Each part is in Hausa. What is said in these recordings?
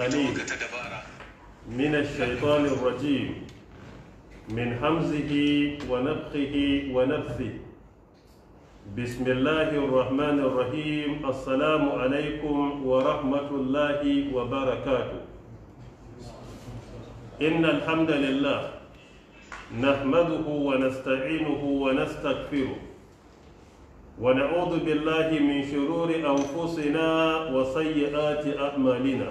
العليم من الشيطان الرجيم من همزه ونفخه ونفثه بسم الله الرحمن الرحيم السلام عليكم ورحمة الله وبركاته إن الحمد لله نحمده ونستعينه ونستغفره ونعوذ بالله من شرور أنفسنا وسيئات أعمالنا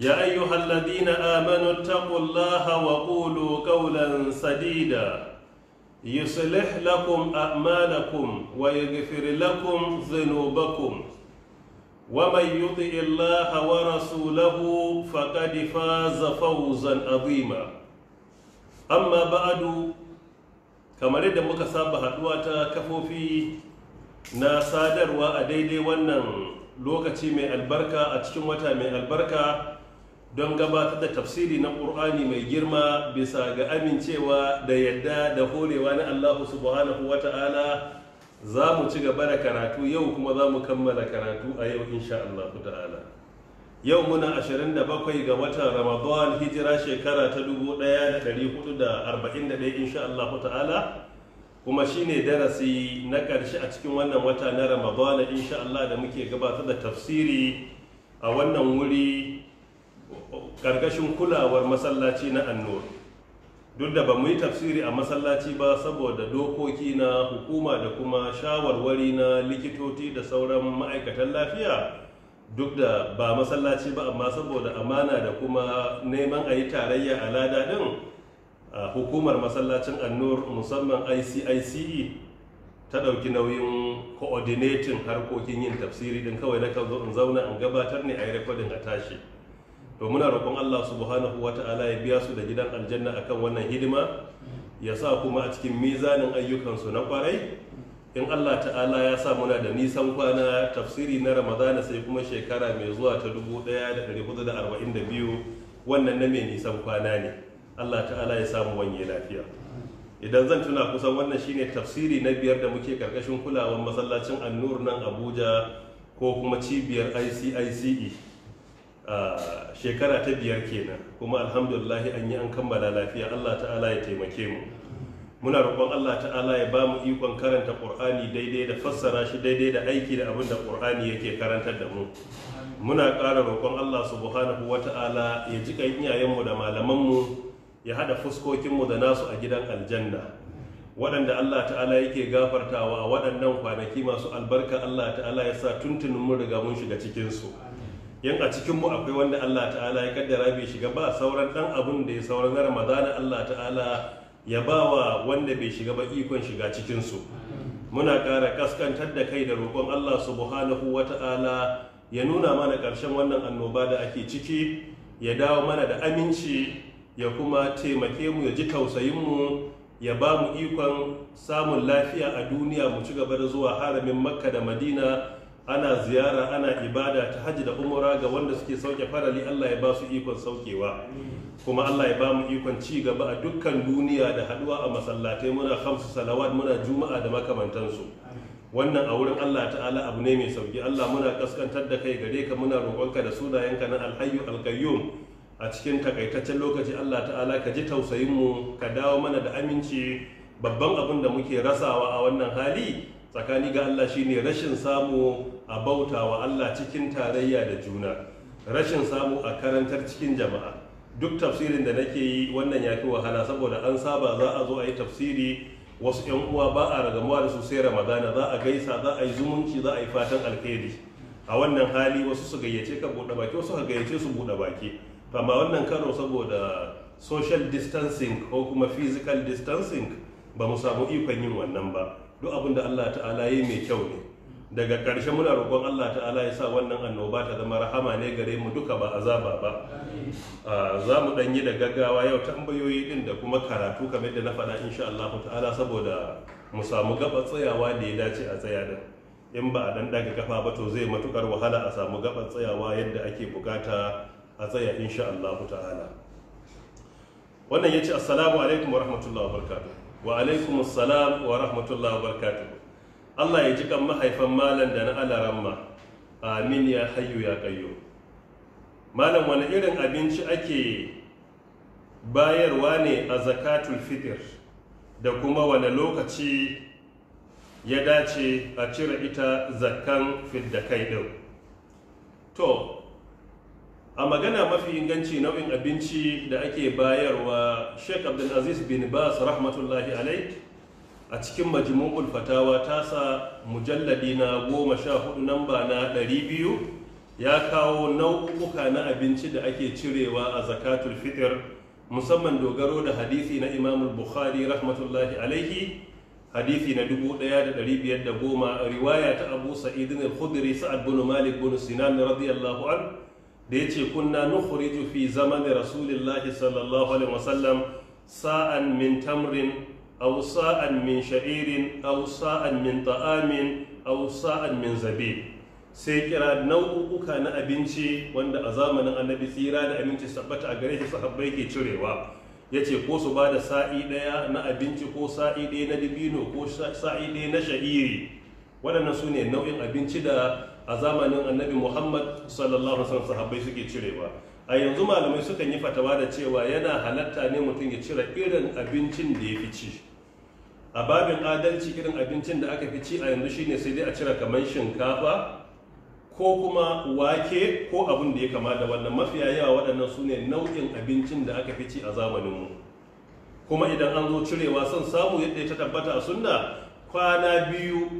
يا أيها الذين آمنوا اتقوا الله وقولوا قولا سديدا يصلح لكم أعمالكم ويغفر لكم ذنوبكم ومن يطع الله ورسوله فقد فاز فوزا عظيما أما بعد كما رد مكسابة هدوة كفوفي ناسادر وأديدي ونن lokaci mai albarka a cikin wata mai albarka don gabatar da tafsiri na ƙur'ani mai girma bisa ga amincewa da yadda da horewa na allahu subhanahu wa ta'ala za mu ci gaba da karatu yau kuma za mu kammala karatu a yau insha allahu ta'ala yau muna 27 ga watan ramadan hijira shekara ta 1441 insha allahu ta'ala kuma shine darasi na ƙarshe a cikin wannan wata na ramadana insha allah da muke gabatar da tafsiri a wannan wuri ƙarƙashin kulawar masallaci na annur duk da ba mu yi tafsiri a masallaci ba saboda dokoki na hukuma da kuma shawarwari na likitoci da sauran ma'aikatan lafiya duk da ba masallaci ba amma saboda amana da kuma neman a yi tarayya a lada ɗin hukumar masallacin annur musamman icice ta ɗauki nauyin coordinating harkokin yin tafsiri ɗin kawai na kan zo in zauna in gabatar ne a yi rekodin a tashi to muna roƙon Allah subhanahu wata'ala ya biya su da gidan aljanna akan wannan hidima ya sa kuma a cikin mizanin ayyukansu na kwarai in Allah ta'ala ya sa muna da nisan kwana tafsiri na ramadana sai kuma shekara mai zuwa ta 1442 wannan na mai nisan kwana ne Allah ta'ala ya samu wanye lafiya idan zan tuna kusan wannan shine tafsiri na biyar da muke karkashin kulawar masallacin annur nan abuja ko kuma cibiyar icice shekara ta biyar kenan kuma alhamdulillah an yi an kammala lafiya Allah ta'ala ya taimake mu muna roƙon Allah ta'ala ya ba mu ikon karanta Qur'ani daidai da fassara shi daidai da aiki da abin da Qur'ani yake karantar da mu muna ƙara roƙon Allah subhanahu wata'ala ya ji kan iyayenmu da malamanmu ya haɗa fuskokinmu da nasu a gidan aljanna waɗanda Allah ta'ala yake gafartawa waɗannan kwanaki masu albarka Allah ta'ala ya sa tuntunin mun riga mun shiga cikinsu yan a cikin mu akwai wanda Allah ta'ala ya kaddara bai shiga ba sauran dan abun da ya sauran na ramadana Allah ta'ala ya bawa wanda bai shiga ba ikon shiga cikin su muna ƙara kaskantar da kai da roƙon Allah subhanahu wa ta'ala ya nuna mana ƙarshen wannan annoba da ake ciki ya dawo mana da aminci ya kuma taimake mu ya ji tausayinmu ya ba mu ikon samun lafiya a duniya mu ci gaba da zuwa haramin makka da madina ana ziyara ana ibada ta hajji da umura ga wanda suke sauke farali Allah ya ba su ikon saukewa kuma Allah ya ba mu ikon ci gaba a dukkan duniya da haduwa a masallatai muna hamsu salawat muna juma'a da makamantansu wannan a wurin Allah ta'ala abu ne mai sauki Allah muna kaskantar da kai gare ka muna roƙonka da sunayenka na alhayyu alqayyum a cikin takaitaccen lokaci Allah ta'ala ka ji tausayin mu ka dawo mana da aminci babban abin da muke rasawa a wannan hali tsakani ga Allah shine rashin samu a bauta wa Allah cikin tarayya da juna rashin samu a karantar cikin jama'a duk tafsirin da nake yi wannan ya fi wahala saboda an saba za a zo a yi tafsiri wasu 'yan uwa ba a ragamuwa da su sai ramadana za a gaisa za a yi zumunci za a yi fatan alheri a wannan hali wasu su gayyace ka buɗe baki wasu ka gayyace su buɗe baki amma wannan karo saboda social distancing ko kuma physical distancing ba mu samu ikon yin wannan ba duk abin da allah ta'ala yi mai kyau ne daga ƙarshe muna roƙon Allah ta'ala ya sa wannan annoba ta zama rahama ne gare mu duka ba azaba ba za mu ɗan yi da gaggawa yau tambayoyi ɗin da kuma karatu kamar da na faɗa insha Allah ta'ala saboda mu samu gaba tsayawa da ya dace a tsaya da, in ba a ɗan daga kafa ba to zai matuƙar wahala a samu gaba tsayawa yadda ake buƙata a tsaya insha Allah ta'ala wannan ce assalamu alaikum wa rahmatullahi wa barkatu. wa alaikum assalam wa rahmatullahi wa barkatu. Allah ya ji kan mahaifan malam da na alaramma amin ya hayyu ya kayo malam wani irin abinci ake bayarwa ne a zakatul fitr da kuma wani lokaci ya dace a cire ita zakkan fidda kai ɗin to a magana mafi inganci nau'in abinci da ake bayarwa sheik abdulaziz bin bas rahmatullahi alai a cikin majmu'ul fatawa tasa mujalladi na goma sha hudu namba na ɗari biyu ya kawo nau'uka na abinci da ake cirewa a zakatul fitr musamman dogaro da hadisi na imam bukhari rahmatullahi alaihi hadisi na goma riwaya ta abu sa'idin al-khudri sa'ad bin malik bin sinan radiyallahu an da yace kunna nukhriju fi zaman rasulillahi sallallahu alaihi wasallam sa'an min tamrin aw sa'an min sha'irin aw sa'an min ta'amin aw sa'an min zabib sai kira nau'uka na abinci wanda a zamanin annabi tsira da aminci sabbata a gare shi sahabbai ke cirewa ya ce ko su ba da sa'i ɗaya na abinci ko sa'i ɗaya na dibino ko sa'i ɗaya na sha'iri waɗannan su ne nau'in abinci da a zamanin annabi muhammad sallallahu alaihi sahabbai suke cirewa a yanzu malamai sukan yi fatawa da cewa yana halatta ne mutum ya cire irin abincin da ya fi ci a babin adalci irin abincin da aka fi ci a yanzu shine sai dai a cire kamar shinkafa ko kuma wake ko abin da ya kama da wannan mafiya yawa waɗannan su ne nau'in abincin da aka fi ci a zamaninmu kuma idan an zo cirewa son samu yadda ya ta tabbata a sunna kwana biyu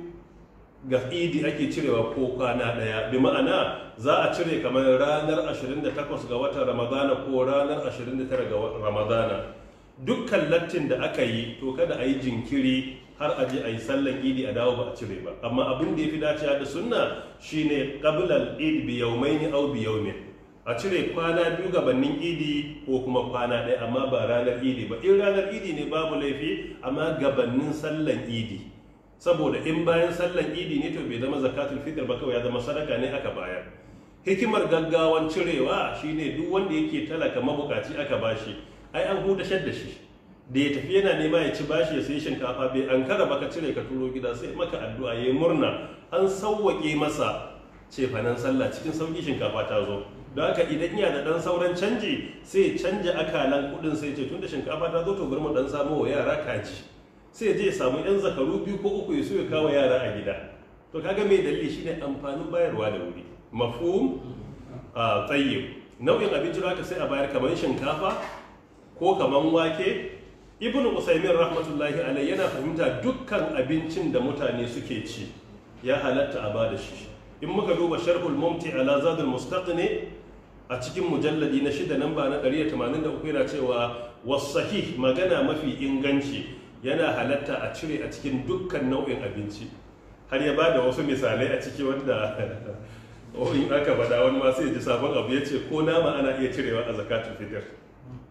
ga idi ake cirewa ko kwana ɗaya bi ma'ana za a cire kamar ranar 28 ga watan ramadana ko ranar 29 ga ramadana dukkan lattin da aka yi to kada a yi jinkiri har a je a yi sallan idi a dawo ba a cire ba amma abin da ya fi dacewa da sunna shine qablal id bi ni aw bi yawmin a cire kwana biyu gabanin idi ko kuma kwana ɗaya amma ba ranar idi ba in ranar idi ne babu laifi amma gabanin sallan idi saboda in bayan sallan idi ne to bai zama zakatun fitar ba kawai ya zama sadaka ne aka bayar hikimar gaggawan cirewa shine duk wanda yake talaka mabukaci aka bashi ai an hudashar da shi da ya tafi yana nema ya ci bashi ya sai shinkafa bai an kara baka cire ka turo gida sai maka addu'a yayi murna an sauwake masa cefanen sallah cikin sauki shinkafa ta zo don haka idan iya da dan sauran canji sai canja akalan kuɗin sai ce tunda shinkafa ta zo to bari mu dan samu wa yara kaji sai je ya samu yan zakaru biyu ko uku ya so ya kawo yara a gida to kaga mai dalili shine amfanin bayarwa da wuri mafhum a ah, tsayyib nau'in abinci da aka sai a bayar kamar shinkafa ko kaman wake ibn usaimin rahmatullahi alai yana fahimta dukkan abincin da mutane suke ci ya halatta a ba da shi in muka duba sharhul mumti ala zadul mustaqni a cikin mujalladi na shida namba na 183 yana cewa sahih magana mafi inganci yana halatta a cire a cikin dukkan nau'in abinci har ya bada wasu misalai a ciki wanda in aka bada wani ma sai ji sabon abu ya ce ko nama ana iya cirewa a zakatun fitar.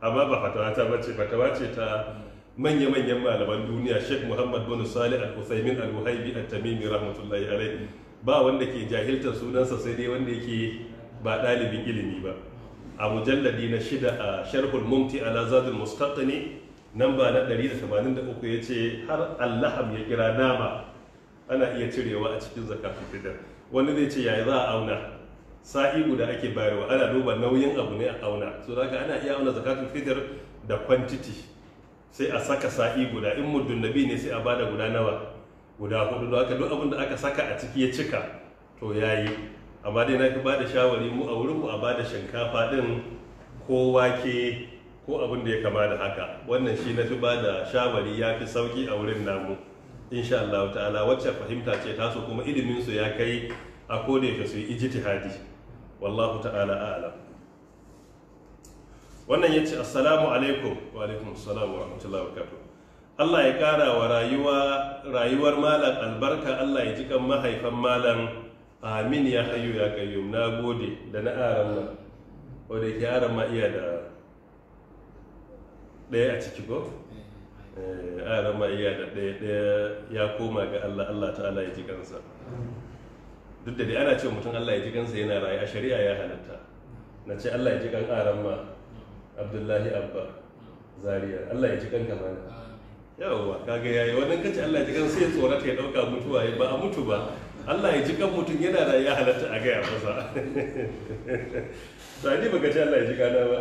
amma ba fatawa ta bace fatawa ce ta manya-manyan malaman duniya sheikh muhammad bin sali al-usaimin al-uhaibi al tamimi rahmatullahi alai ba wanda ke jahiltar sunansa sai dai wanda yake ba ɗalibin ilimi ba a mujalladi na shida a sharhul mumti ala zadul mustaqni namba na 183 yace har allaham ya kira nama ana iya cirewa a cikin zakatul fitr wani zai ce yaya za a auna sa'i guda ake bayarwa ana duba nauyin abu ne a auna so zaka ana iya auna zakatul fitar da quantity sai a saka sa'i guda in muddun nabi ne sai a bada guda nawa guda hudu don haka duk abin da aka saka a ciki ya cika to yayi amma dai na fi bada shawari mu a wurin mu a bada shinkafa din ko wake ko abin da ya kama da haka wannan shi na fi bada shawari ya fi sauki a wurin namu insha Allah ta'ala wacce fahimta ce taso kuma ilimin su ya kai a kodayaushe su yi ijtihadi wallahu ta'ala a'lam wannan ya ce assalamu alaikum wa alaikum assalamu wa rahmatullahi wa barakatuh Allah ya ƙara wa rayuwa rayuwar malam albarka Allah ya jikan mahaifan malam amin ya hayu ya kayyum na gode da na aran nan wadda yake aran ma iya da ɗaya a ciki ko eh, aran ma iya da ɗaya ya koma ga Allah Allah ta'ala ya ji kansa duk da dai ana ce mutum Allah ya ji kansa yana raye a shari'a ya halatta na ce Allah ya ji kan ma Abdullahi Abba Zaria Allah ya ji kan kamana yawwa kaga yayi wannan kace Allah ya ji kan sai ya tsorata ya dauka mutuwa ba a mutu ba Allah ya ji kan mutum yana raye ya halatta a gaya masa sai ni baka ce Allah ya ji kana ba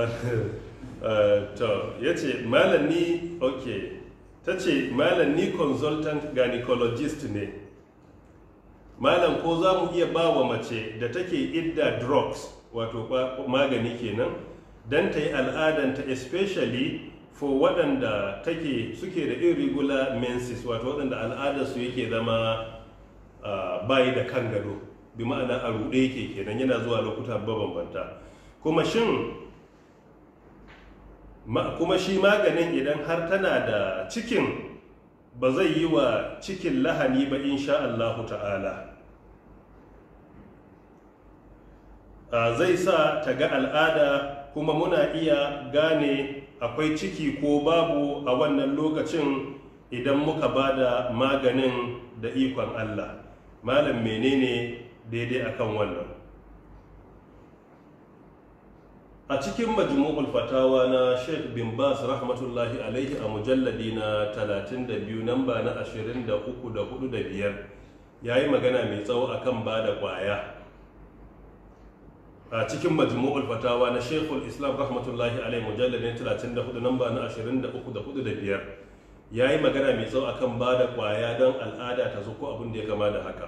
eh, to yace malami ok. okay ta ce malam ni consultant gynecologist ne malam ko za mu iya ba wa mace da take idda drugs wato magani kenan don ta yi al'adanta especially for waɗanda take suke da irregular menses wato waɗanda al'adarsu yake zama uh, bayi da kan gado bi ma'ana a ruɗe yake kenan yana zuwa lokuta banta. kuma shin kuma shi maganin idan har tana da cikin ba zai yi wa cikin lahani ba insha Allahu ta'ala zai sa ta ga al'ada kuma muna iya gane akwai ciki ko babu a wannan lokacin idan muka ba da maganin da ikon Allah malam menene daidai akan wannan a cikin majmu'ul fatawa na sheikh bin bas rahmatullahi alaihi a mujalladi na 32 namba na 23 ya yi magana mai tsawo akan ba da kwaya a cikin majmu'ul fatawa na sheikhul islam rahmatullahi alaihi mujalladi na 34 namba na 23 ya yi magana mai tsawo akan ba da kwaya don al'ada ta zuko abin da ya kama da haka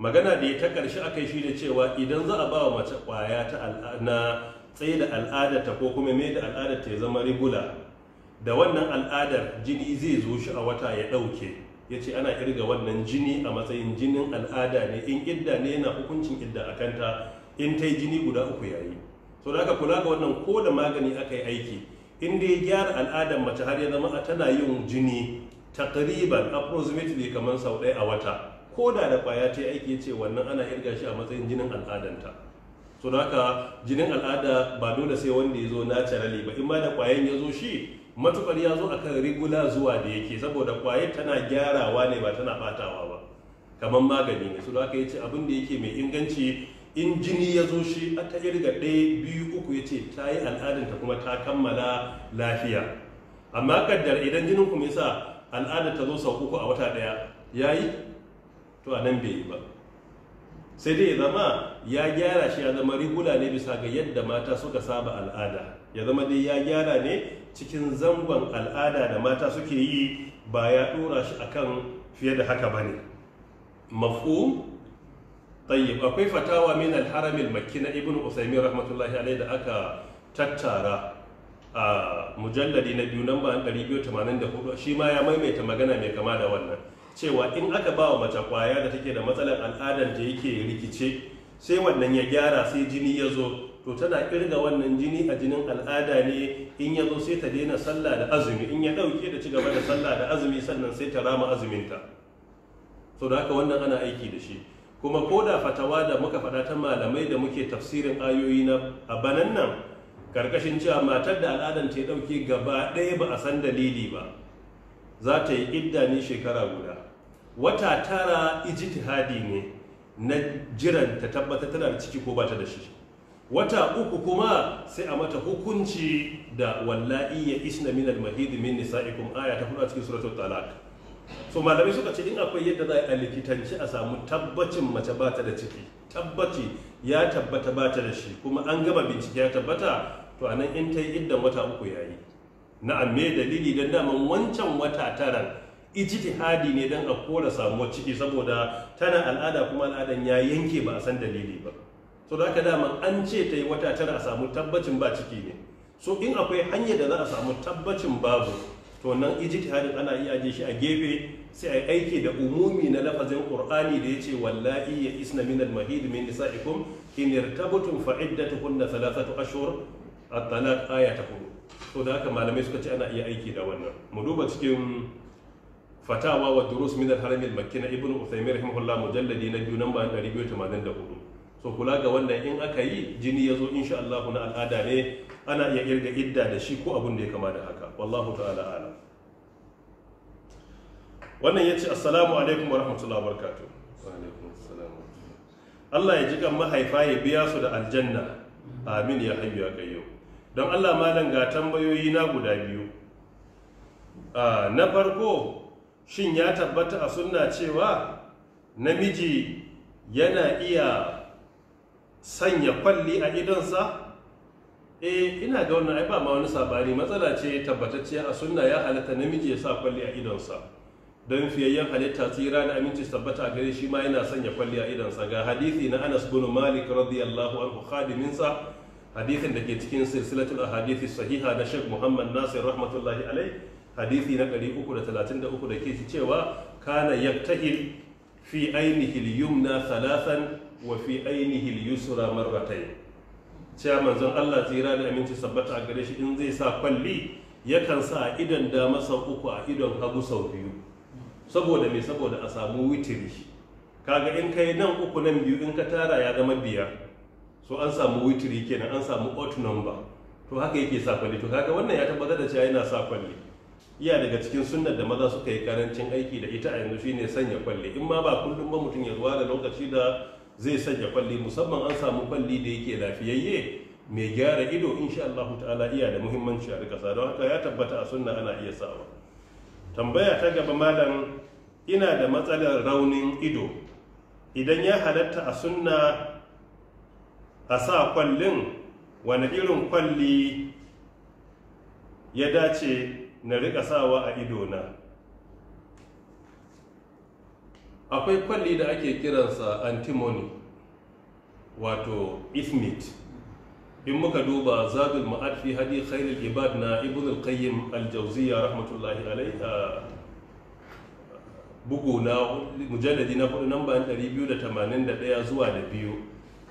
magana da ya ta ƙarshe aka yi shi da cewa idan za a ba wa mace kwaya ta na tsaye da al'adarta ko kuma mai da al'adarta ya zama rigula da wannan al'adar jini zai zo shi a wata ya ɗauke ya ce ana kirga wannan jini a matsayin jinin al'ada ne in idda ne yana hukuncin idda a kanta in ta yi jini guda uku yayi so da aka kula ga wannan ko da magani aka yi aiki in ya gyara al'adar mace har ya zama a tana yin jini takriban approximately kamar sau ɗaya a wata ko da da kwaya ta aiki ce wannan ana irga shi a matsayin jinin al'adanta so da haka jinin al'ada ba dole sai wanda ya zo na carali ba in ma da kwayan ya zo shi matukar ya zo akan rigula zuwa da yake saboda kwayan tana gyarawa ne ba tana batawa ba kamar magani ne so da haka ya abin da yake mai inganci in jini ya zo shi a ta irga ɗaya biyu uku ya ce ta yi al'adanta kuma ta kammala lafiya amma kaddar idan jinin ku ya sa al'adar ta zo sau uku a wata ɗaya ya yi to a nan bai yi ba sai dai ya zama ya gyara shi ya zama rigula ne bisa ga yadda mata suka saba al'ada ya zama dai ya gyara ne cikin zangon al'ada da mata suke yi ba ya dora shi akan fiye da haka ba ne. mafhum tayyib akwai fatawa min al-haram al-makki na ibnu usaymin rahmatullahi alayhi da aka tattara a mujalladi na biyu namba 284 shi ma ya maimaita magana mai kama da wannan cewa in aka ba wa mace kwaya da take da matsalar al'adar da yake rikice sai wannan ya gyara sai jini ya zo to tana kirga wannan jini a jinin al'ada ne in ya zo sai ta daina sallah da azumi in ya ɗauke da cigaba da sallah da azumi sannan sai ta rama azuminta so da haka wannan ana aiki da shi kuma ko da fatawa da muka faɗa ta malamai da muke tafsirin ayoyi na a banan nan karkashin cewa matar da al'adar ta ya ɗauke gaba ɗaya ba a san dalili ba za ta yi idda ne shekara guda wata tara ijtihadi ne na jiran ta tabbata tana da ciki ko ba ta da shi wata uku kuma sai a mata hukunci da wallahi ya isna min al-mahid min nisaikum aya ta hudu a cikin suratul talaq so malamai suka ce in akwai yadda za a likitanci a samu tabbacin mace ba ta da ciki tabbaci ya tabbata ba ta da shi kuma an gama bincike ya tabbata to anan in ta yi idan wata uku yayi Na me dalili dan daman wancan wata taran ijtihadi ne don a kora samuwar ciki saboda tana al'ada kuma al'adan ya yanke ba a san dalili ba so da aka dama an ce ta yi wata tara a samu tabbacin ba ciki ne so in akwai hanyar da za a samu tabbacin babu to nan hadi ana iya aje shi a gefe sai a aiki da umumi na lafazin qur'ani da yace wallahi ya isna min al-mahid min nisaikum in irtabtum fa iddatuhunna thalathatu ashhur at-talaq aya ta hudu to da haka malamai suka ce ana iya aiki da wannan mu duba cikin fatawa wa durus min al-haram al-makki na ibnu uthaymeen rahimahullah mujalladi na biyu namba 284 so kula ga wannan in aka yi jini ya zo insha Allah na al'ada ne ana iya kirga idda da shi ko abun da ya kama da haka wallahu ta'ala alam wannan yace assalamu alaikum wa rahmatullahi wa barakatuh wa alaikum assalam Allah ya ji kan mahaifa ya biya su da aljanna amin ya hayyu ya qayyum don Allah malam ga tambayoyi na guda biyu ah, na farko shin ya tabbata a sunna cewa namiji yana iya sanya kwalli a idonsa eh ina ga wannan ai ba ma wani sabani matsala ce tabbatacciya a sunna ya halatta namiji ya sa kwalli a idonsa don fiyayyen halitta tsira da aminci tabbata a gare shi ma yana sanya kwalli a idonsa ga hadithi na Anas bin Malik radiyallahu anhu khadiminsa hadithin da ke cikin silsilatul ahadithi sahiha na shek Muhammad Nasir rahmatullahi alai. hadisi na 333 da ke cewa kana yaktahil fi ainihi yumna salasan wa fi ainihi yusra marratayn cewa manzon Allah tsira da aminci sabbata a gare shi in zai sa kwalli yakan sa a idon dama sau uku a idon hagu sau biyu saboda me saboda a samu witiri kaga in kai nan uku nan biyu in ka tara ya zama biyar so an samu witiri kenan an samu odd number to haka yake sa kwalli to kaga wannan ya tabbatar da cewa yana sa kwalli iya daga cikin sunnar da maza suka yi karancin aiki da ita a yanzu shine sanya kwalli in ma ba kullum ba mutum ya zuwa da lokaci da zai sanya kwalli musamman an samu kwalli da yake lafiyayye mai gyara ido insha Allah ta'ala iya da muhimmanci a rika don haka ya tabbata a sunna ana iya sawa tambaya ta gaba malam ina da matsalar raunin ido idan ya halatta a sunna a sa kwallin wani irin kwalli ya dace na riƙa sawa a idona akwai kwalli da ake kiransa antimony wato ismit in muka duba zabil ma'ad fi hadi khairul ibad na ibn al-qayyim al-jawziyya rahmatullahi alayha bugu na mujalladi na hudu namba 281 zuwa da biyu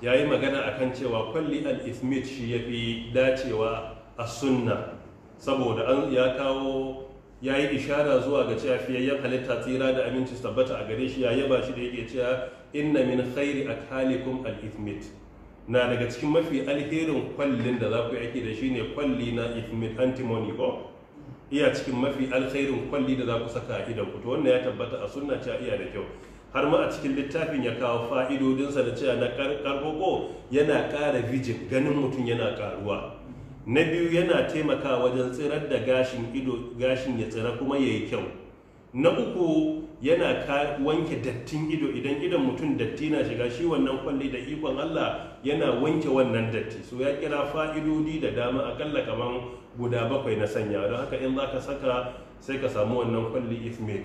yayi magana akan cewa kwalli al-ismit shi fi dacewa a sunna saboda an ya kawo ya yi ishara zuwa ga cewa fiyayyen halitta tsira da aminci tabbata a gare shi ya yaba shi da yake cewa inna min khairi akhalikum al-ithmit na daga cikin mafi alherin kwallin da za ku yake da shi ne kwalli na ithmit antimony ko iya cikin mafi alherin kwalli da za ku saka a idan ku to wannan ya tabbata a sunna cewa iya da kyau har ma a cikin littafin ya kawo fa'idodinsa da cewa na karkoko yana ƙara vijin ganin mutum yana ƙaruwa na biyu yana taimaka wajen tsirar da gashin ido gashin ya tsira kuma ya yi kyau na uku yana ka wanke dattin ido idan idon mutum datti na shiga shi wannan kwalli da ikon Allah yana wanke wannan datti so ya kira fa'idodi da dama akalla kamar guda bakwai na sanya don haka in za ka saka sai ka samu wannan kwalli if made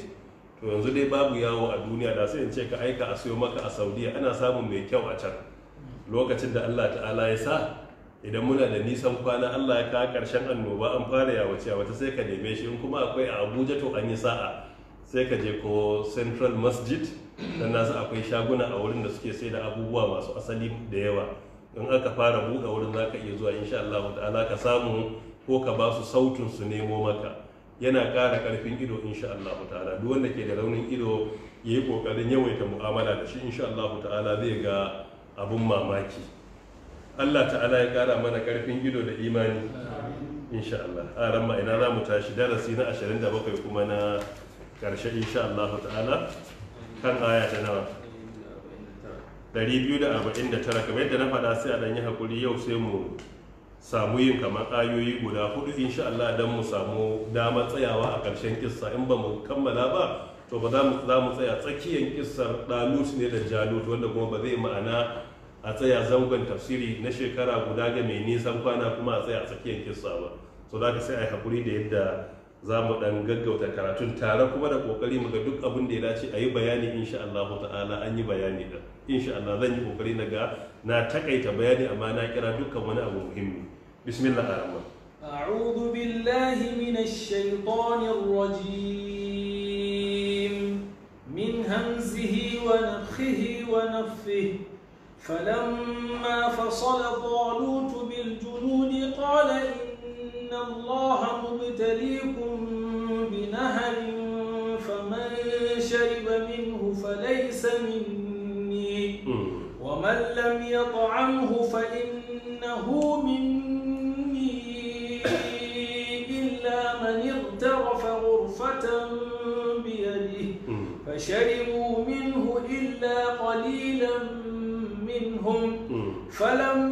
to yanzu dai babu yawo a duniya da sai in ce ka aika a siyo maka a saudiya ana samun mai kyau a can lokacin da Allah ta'ala ya sa idan muna da nisan kwana Allah ya kawo ƙarshen annoba an fara yawace wata sai ka neme shi in kuma akwai a Abuja to an yi sa'a sai ka je ko Central Masjid dan nasu akwai shaguna a wurin da suke sai da abubuwa masu asali da yawa in aka fara buɗe wurin zaka iya zuwa insha Allah ta'ala ka samu ko ka ba su sautin su nemo maka yana ƙara ƙarfin ido insha Allah ta'ala duk wanda ke da raunin ido yayi kokarin yawaita mu'amala da shi insha Allah ta'ala zai ga abun mamaki Allah ta'ala ya kara mana karfin ido da imani insha Allah a ramma ina za mu tashi darasi na 27 kuma na karshe insha Allah ta'ala kan aya ta nawa 249 kamar yadda na faɗa sai a ɗan yi haƙuri yau sai mu samu yin kamar ayoyi guda hudu insha Allah don mu samu damar tsayawa a ƙarshen kissa in ba mu kammala ba to ba za mu tsaya tsakiyar kissar ɗalut ne da jalut wanda kuma ba zai ma'ana a tsaya zangon tafsiri na shekara guda ga mai nisan kwana kuma a tsaya a tsakiyar kissa ba so za ka sai a yi haƙuri da yadda za mu ɗan gaggauta karatun tare kuma da ƙoƙari mu ga duk abin da ya dace a yi bayani insha Allah ta'ala an yi bayani da insha Allah zan yi ƙoƙari na ga na takaita bayani amma na kira dukkan wani abu muhimmi bismillah billahi minash shaitanir rajim min hamzihi wa nafthihi wa nafthihi فلما فصل طالوت بالجنود قال إن الله مبتليكم بنهر فمن شرب منه فليس مني ومن لم يطعمه فإنه مني إلا من اغترف غرفة بيده فشرب فلم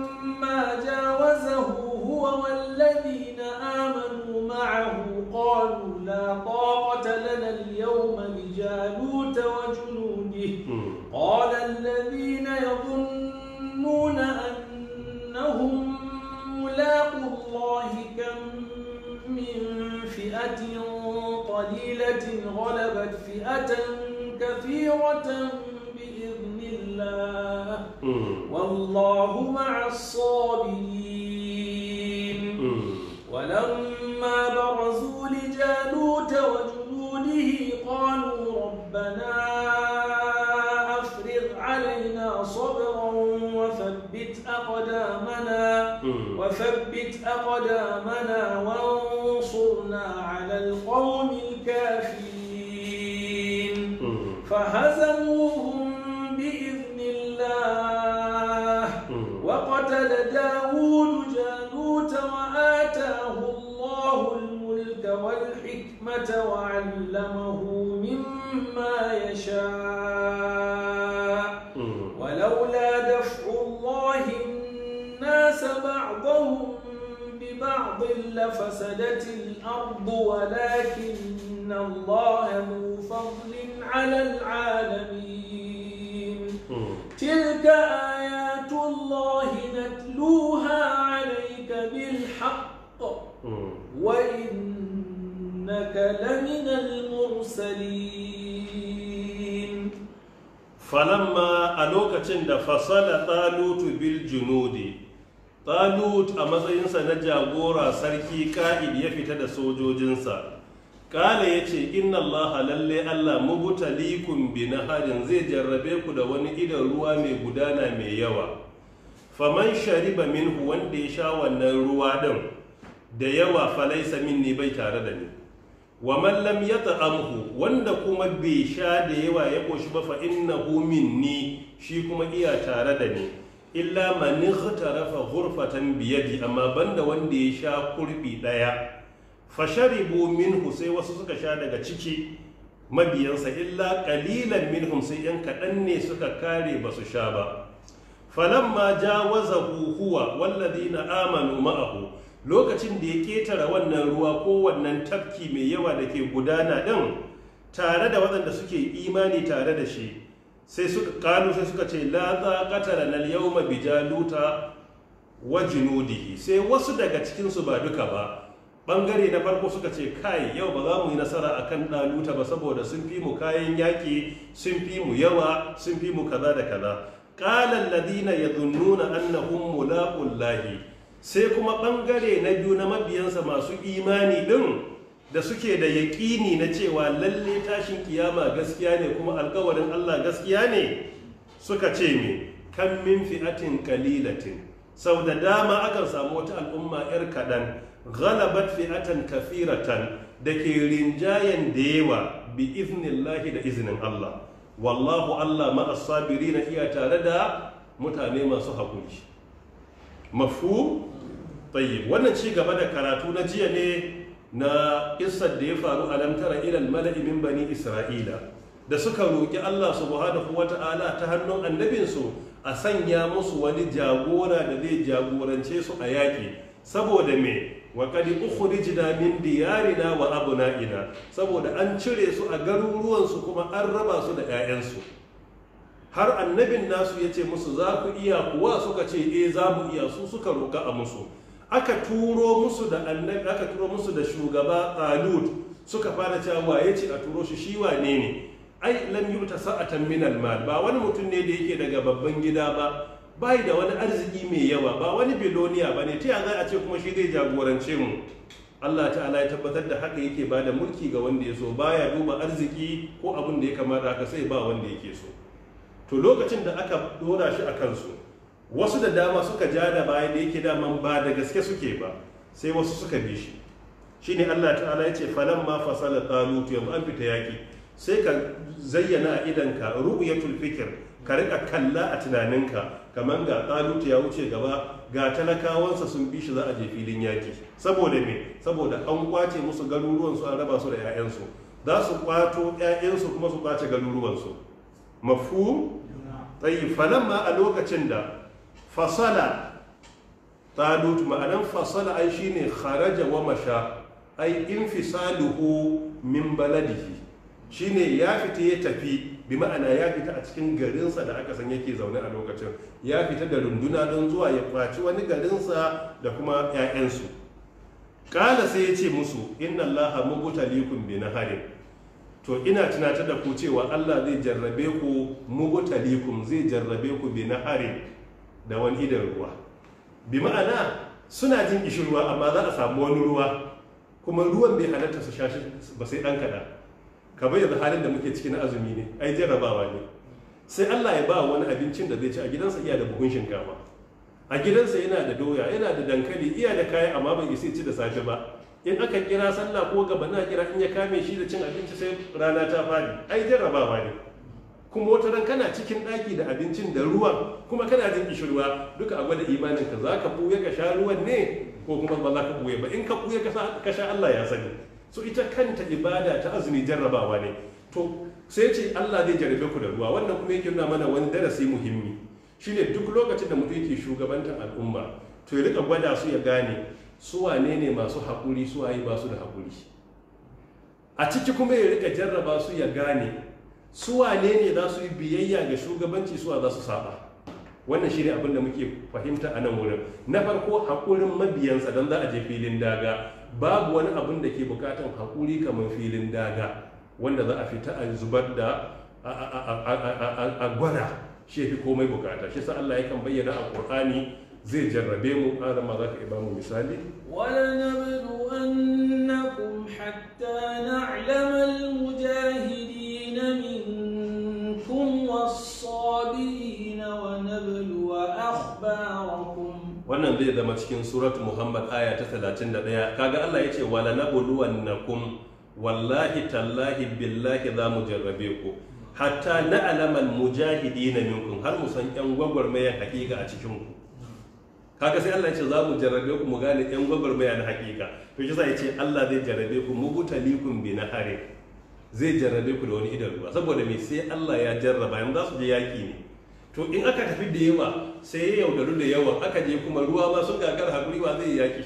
وإنك لمن المرسلين فلما ألوك تند فصل طالوت بالجنود طالوت أما سينسى نجا غورا سركي كائد يفتد سوجو جنسا kala ya ce inna allaha lalle allah mubtalikun bi naharin zai jarrabe ku da wani idan ruwa mai gudana mai yawa faman shariba minhu wanda ya sha wannan ruwa din da yawa falaisa minni bai tare da ni wa Mallam ya yata'amhu wanda kuma bai sha da yawa ya koshi ba fa innahu minni shi kuma iya tare da ni illa man ikhtarafa ghurfatan bi amma banda wanda ya sha kurbi daya fa sharibu minhu sai wasu suka sha daga ciki mabiyansa illa qalilan minhum sai yan kadan ne suka kare ba su sha ba falamma jawazahu huwa na amanu ma'ahu lokacin da ya ketare wannan ruwa ko wannan tafki mai yawa da ke gudana ɗin tare da waɗanda suke imani tare da shi sai suka ƙalu sai suka ce la ƙatara na yauma bi jaluta wa sai wasu daga cikinsu ba duka ba ɓangare na farko suka ce kai yau ba za mu yi nasara a kan ɗaluta ba saboda sun fi mu kayan yaki sun fi mu yawa sun fi mu kaza da kaza ƙalan ladina ya zunnuna annahum mulaƙullahi sai kuma ɓangare na biyu na mabiyansa masu imani ɗin da suke da yaƙini na cewa lalle tashin kiyama gaskiya ne kuma alkawarin Allah gaskiya ne suka ce me kan min fi'atin kalilatin sau da dama akan samu wata al'umma 'yar kaɗan galabat fi'atan kafiratan da ke rinjayen da yawa bi iznillahi da izinin Allah wallahu Allah ma'as na iya tare da mutane masu haƙuri mafu tayyib wannan ci gaba da karatu na jiya ne na kissar da ya faru a lantara ilal mala'i min bani isra'ila da suka roƙi Allah su subhanahu wata'ala ta hannun annabinsu a sanya musu wani jagora da zai jagorance su a yaƙi saboda me wa qad ukhrijna min diyarina wa abna'ina saboda an cire su a garuruwansu kuma an raba su da 'ya'yansu har annabin nasu ya ce musu za ku iya kuwa suka ce e za mu iya su suka roƙa a musu aka turo musu da annabi aka turo musu da shugaba Talut suka fara cewa ya ce a turo shi shi wane ne ai lam yuta sa'atan min almal ba wani mutum ne da yake daga babban gida ba bai da wani arziki mai yawa ba wani biloniya ba ne ta ya a ce kuma shi zai jagorance mu Allah ta'ala ya tabbatar da haka yake ba da mulki ga wanda ya so baya duba arziki ko abin da ya kamata ka sai ba wanda yake so to lokacin da aka dora shi a kansu wasu da dama suka ja da baya da yake daman ba da gaske suke ba sai wasu suka bi shi Shi ne Allah ta'ala ya ce falon ma fasalar talut tuyo an fita yaƙi. sai ka zayyana a idanka ya tulfikir ka rika kalla a tunaninka kamar ga talut ya wuce gaba ga talakawansa sun bi shi za a je filin yaƙi. saboda me saboda an kwace musu garuruwansu, an raba su da 'ya'yansu za su kwato 'ya'yansu kuma su kwace garuruwansu." mafhum tayyib falamma a lokacin da fasala ta talut ma'anan fasala ai ne kharaja wa masha ai infisaluhu min baladihi ne ya fita ya tafi bi ma'ana ya fita a cikin garinsa da aka san yake zaune a lokacin ya fita da runduna don zuwa ya kwaci wani garinsa da kuma 'ya'yansu kala sai ya ce musu inna allaha likun bi harin to ina tunatar da ku cewa Allah zai jarrabe ku mugutalikum zai jarrabe ku bi are da wani idan ruwa bi ma'ana suna jin ruwa, amma za a samu wani ruwa kuma ruwan bai halatta su shashi ba sai dan kada bai yanzu halin da muke ciki na azumi ne ai jarrabawa ne sai Allah ya ba wani abincin da zai ci a gidansa iya da buhun shinkafa a gidansa yana da doya yana da dankali iya da kaya amma bai isa ci da safe ba in aka kira sallah ko gaba na kira in ya kame shi da cin abinci sai rana ta fadi ai jarrabawa ne kuma wata ran kana cikin ɗaki da abincin da ruwan kuma kana jin kishirwa duka a gwada imanin ka za ka buya ka sha ruwan ne ko kuma ba za ka buya ba in ka buya ka sha Allah ya sani so ita kanta ibada ta azumi jarrabawa ne to sai ce Allah zai jarrabe ku da ruwa wannan kuma yake nuna mana wani darasi muhimmi shine duk lokacin da mutum yake shugabantar al'umma to ya rika gwada su ya gane su wane ne masu haƙuri su waye ba da haƙuri a ciki kuma ya rika jarraba su ya gane su wane ne za su yi biyayya ga shugabanci suwa za su saba wannan shi ne abin da muke fahimta a nan wurin na farko haƙurin mabiyansa don za a je filin daga babu wani abin da ke buƙatan haƙuri kamar filin daga wanda za a fita a zubar da a gwada shi fi komai bukata shi sa Allah ya kan bayyana a ƙurani zai jarrabe mu Adama za ka iya mu misali wannan zai zama cikin surat muhammad aya ta 31 kaga Allah ya ce wala kun? wallahi tallahi billahi za mu jarrabe ku hatta na mujahidi na minkum har mu san yan gwagwarmayar hakika a cikin ku kaga sai Allah ya ce za mu jarrabe ku mu gane yan mai na hakika to shi ya ce Allah zai jarrabe ku mu likun bi na hare zai jarrabe ku da wani idan ruwa saboda me sai Allah ya jarraba yanzu za su je yaki ne to in aka tafi da yawa sai ya yaudaru da yawa aka je kuma ruwa ma sun gagara hakuri ba zai yaki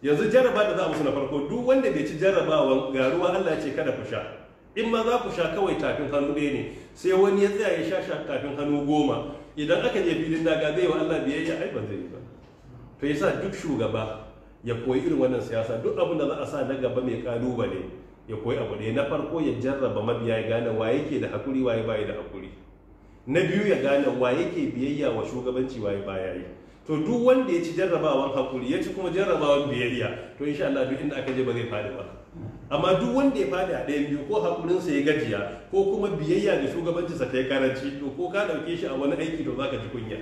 yanzu jarraba da za mu na farko duk wanda bai ci jarrabawa ga ruwa Allah ya ce kada ku sha in ma za ku sha kawai tafin hannu ɗaya ne sai wani ya tsaya ya sha tafin hannu goma idan aka je filin daga zai wa Allah biyayya ai ba zai yi ba to yasa duk shugaba ya koyi irin wannan siyasa duk abin da za a sa na gaba mai kalubale ya koyi abu ɗaya na farko ya jarraba mabiya ya gane wa yake da hakuri waye baya da hakuri na biyu ya gane wa yake biyayya wa shugabanci waye baya yi to duk wanda ya ci jarrabawan hakuri ya ci kuma jarrabawan biyayya to insha Allah duk inda aka je ba zai faɗi ba amma duk wanda ya fadi a ɗayan biyu ko sa ya gajiya ko kuma biyayya ga shugabancinsa ta yi karanci to ko ka ɗauke shi a wani aiki to zaka ji kunya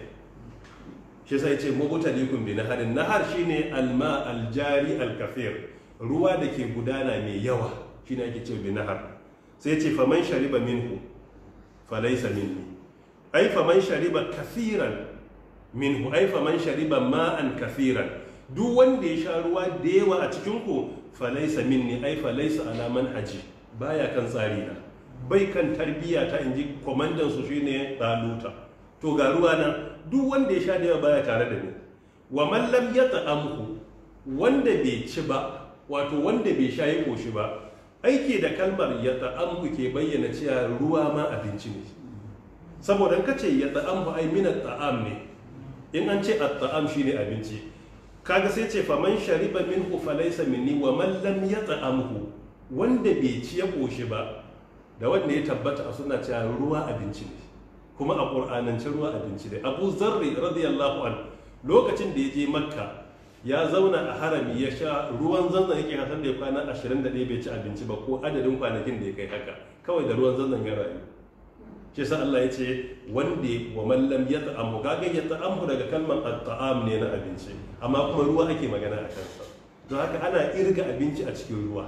shi sai ce mubtalikum bi naharin nahar shine alma aljari alkafir ruwa da ke gudana mai yawa shine ake ce bi nahar sai ce faman shariba minhu falaysa minni ai faman shariba kafiran minhu ai faman shariba ma'an kafiran duk wanda ya sha ruwa da yawa a cikin ku falaisa minni ai falaisa ala ba baya kan tsari na bai kan tarbiya ta inji kwamandan su shine daluta to ga ruwa na duk wanda ya sha da yawa baya tare da ni wa man lam yata'amhu wanda bai ci ba wato wanda bai sha ya koshi ba aiki da kalmar ya ta'ammu ke bayyana cewa ruwa ma abinci ne saboda ka ce ya ai min ta'am ne in an ce at-ta'am shine abinci kaga sai ce faman shariba minhu falaysa minni wa man lam yata'amhu wanda bai ci ya koshi ba da wanda ya tabbata a suna cewa ruwa abinci ne kuma a qur'anance ruwa abinci ne Abu Zarri radiyallahu an lokacin da ya je Makka ya zauna a harami ya sha ruwan zanzan yake hasan da ya kwana 21 bai ci abinci ba ko adadin kwanakin da ya kai haka kawai da ruwan zanzan ya rayu shi sa Allah ya ce wanda wa mallam ya ta'amu kaga ya ta'amu daga kalmar at-ta'am ne na abinci amma kuma ruwa ake magana a kansa don haka ana irga abinci a cikin ruwa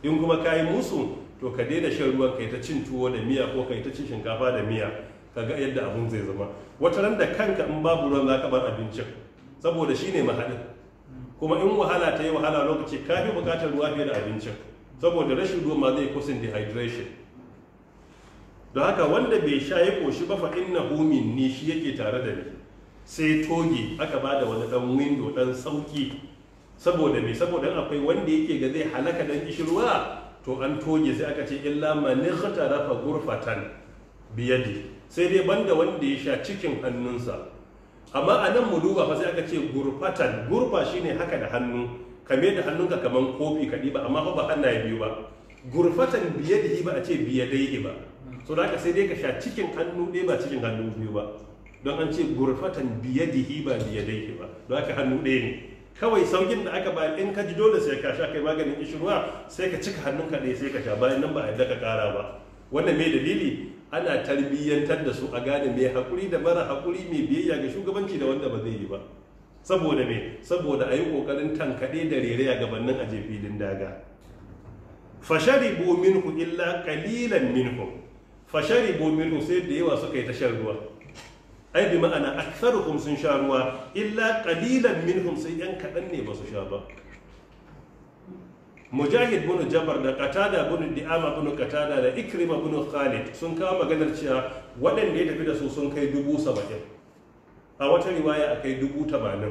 in kuma ka yi musu to ka daina shan ruwan yi ta cin tuwo da miya ko ka yi ta cin shinkafa da miya ka ga yadda abun zai zama wata ran da kanka in babu ruwan ka bar abincin saboda shine mahadin kuma in wahala ta yi wahala lokaci ka fi bukatar ruwa fiye da abincin saboda rashin ruwa ma zai kusan dehydration don haka wanda bai sha ya koshi ba na homin ne shi yake tare da ni sai toge aka ba da wani dan windo dan sauki saboda mai saboda akwai wanda yake ga zai halaka dan ishirwa to an toge sai aka ce illa ma man rafa gurfatan biyadi sai dai banda wanda ya sha cikin hannunsa amma a nan mu duba fa sai aka ce gurfatan gurfa shine haka da hannu kame da hannunka kamar kofi ka ɗiba amma fa ba hannaye biyu ba gurfatan biyadi ba a ce biyadai ba so da sai dai ka sha cikin hannu ɗaya ba cikin hannu biyu ba don an ce gurfatan biyadihi ba ke ba don aka hannu ɗaya ne kawai saukin da aka bayar in ka ji dole sai ka sha kai maganin kishirwa sai ka cika ka ɗaya sai ka sha bayan nan ba a yadda ka kara ba wannan mai dalili ana tarbiyyantar da su a gane mai hakuri da mara hakuri mai biyayya ga shugabanci da wanda ba zai yi ba saboda me saboda a yi ƙoƙarin tankaɗe da rere a gabanin a filin daga fasharibu minhu illa ƙalilan minhu fasharibu minhu sai da yawa suka yi ta ruwa ai bi ma'ana aktharuhum sun sha ruwa illa qalilan minhum sai yan kadan ne ba su sha ba mujahid bin jabar da qatada bin di'ama bin qatada da ikrima bin khalid sun kawo maganar cewa waɗanda ya tafi da su sun kai dubu saba'in a wata riwaya akai dubu tamanin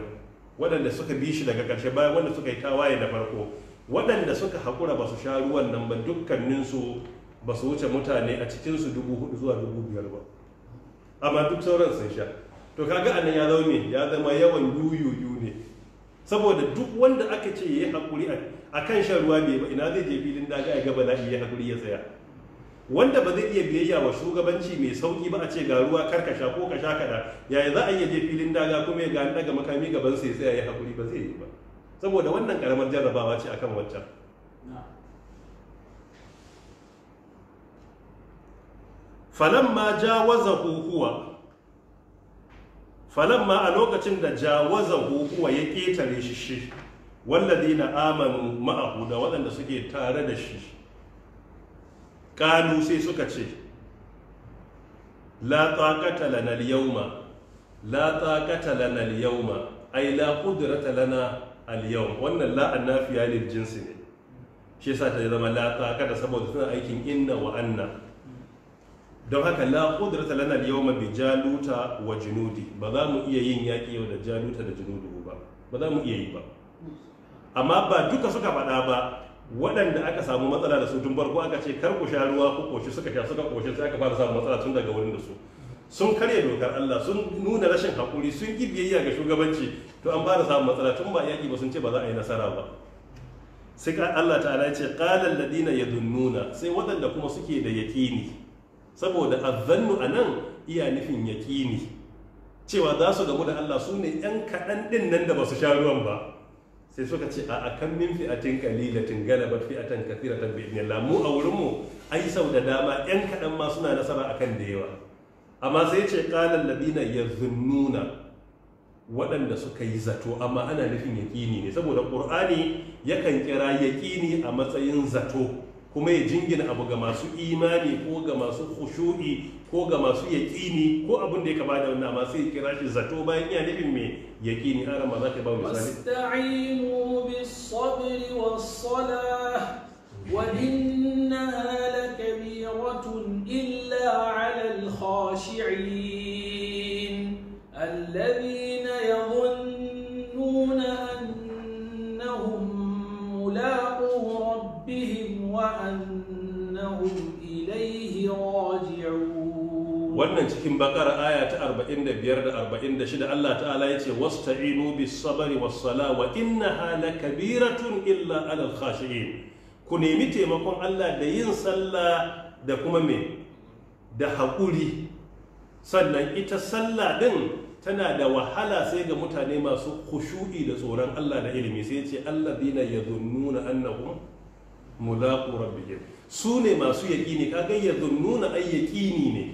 waɗanda suka bi shi daga ƙarshe bayan wanda suka yi tawaye da farko waɗanda suka haƙura ba su sha ruwan nan ba dukkaninsu ba su wuce mutane a cikinsu dubu hudu zuwa dubu biyar ba amma duk sauran sun sha to kaga anan ya zama ya zama yawan yuyuyu ne saboda duk wanda aka ce ya yi hakuri a kan shan ruwa bai ba ina zai je filin daga ya gaba za'i ya hakuri ya tsaya wanda ba zai iya biyayya wa shugabanci mai sauki ba a ce ga ruwa kar ka sha ko ka sha kada yaya za a iya je filin daga kuma ya ga daga makami gaban sai tsaya ya hakuri ba zai yi ba saboda wannan karamar jarrabawa ce akan wancan falamma jawazahu huwa falamma a lokacin da jawazahu huwa ya ƙetare shi shi walladina amanu ma'ahu da waɗanda suke tare da shi kanu sai suka ce la taqata lana al-yawma la taqata lana al-yawma ay la qudrata lana al-yawm wannan la annafiya lil jinsi ne shi yasa ta zama la taqata saboda suna aikin inna wa anna don haka la qudrata lana al-yawma bi jaluta wa junudi ba za mu iya yin yaƙi yau da jaluta da Junudi ba ba za mu iya yi ba amma ba duka suka faɗa ba waɗanda aka samu matsala da su tun farko aka ce kar ku sha ruwa ku koshi suka sha suka koshi sai aka fara samun matsala tun daga wurin da su sun karya dokar Allah sun nuna rashin hakuri sun ki biyayya ga shugabanci to an fara samun matsala tun ba yaki ba sun ce ba za a yi nasara ba sai Allah ta'ala ya ce qala alladina yadunnuna sai waɗanda kuma suke da yaƙini saboda zannu a nan iya nufin yaƙini cewa za su gamu da Allah su ne ‘yan kaɗan ɗin nan da ba su sha ruwan ba sai suka ce a akan min fi'atin kalilatin galabat fi'atan ta bi ne mu a wurinmu ai sau da dama ‘yan kaɗan ma suna nasara akan da yawa amma sai ce ƙalan ya zunnuna waɗanda suka yi zato amma ana nufin yaƙini ne saboda ƙur'ani yakan kira yaƙini a matsayin zato kuma ya jingina abu ga masu imani ko ga masu khushu'i ko ga masu yaƙini ko abin da ya kama da wannan amma sai ya kira shi zato bayan ya nufin me yaƙini har ma za ka ba misali wasta'inu bis sabri was salah wa innaha lakabiratun illa 'ala al khashi'in alladhina yadhun wannan cikin bakara aya ta 45 da 46 Allah ta'ala ya ce wasta'inu bis sabari was sala wa innaha lakabiratun illa alal khashi'in ku nemi taimakon Allah da yin sallah da kuma me da haƙuri sannan ita sallah din tana da wahala sai ga mutane masu khushu'i da tsoron Allah da ilimi sai ce alladhina yadhunnuna annahum mulaqu rabbihim su ne masu yaƙini kaga yadhunnuna ay yaqini ne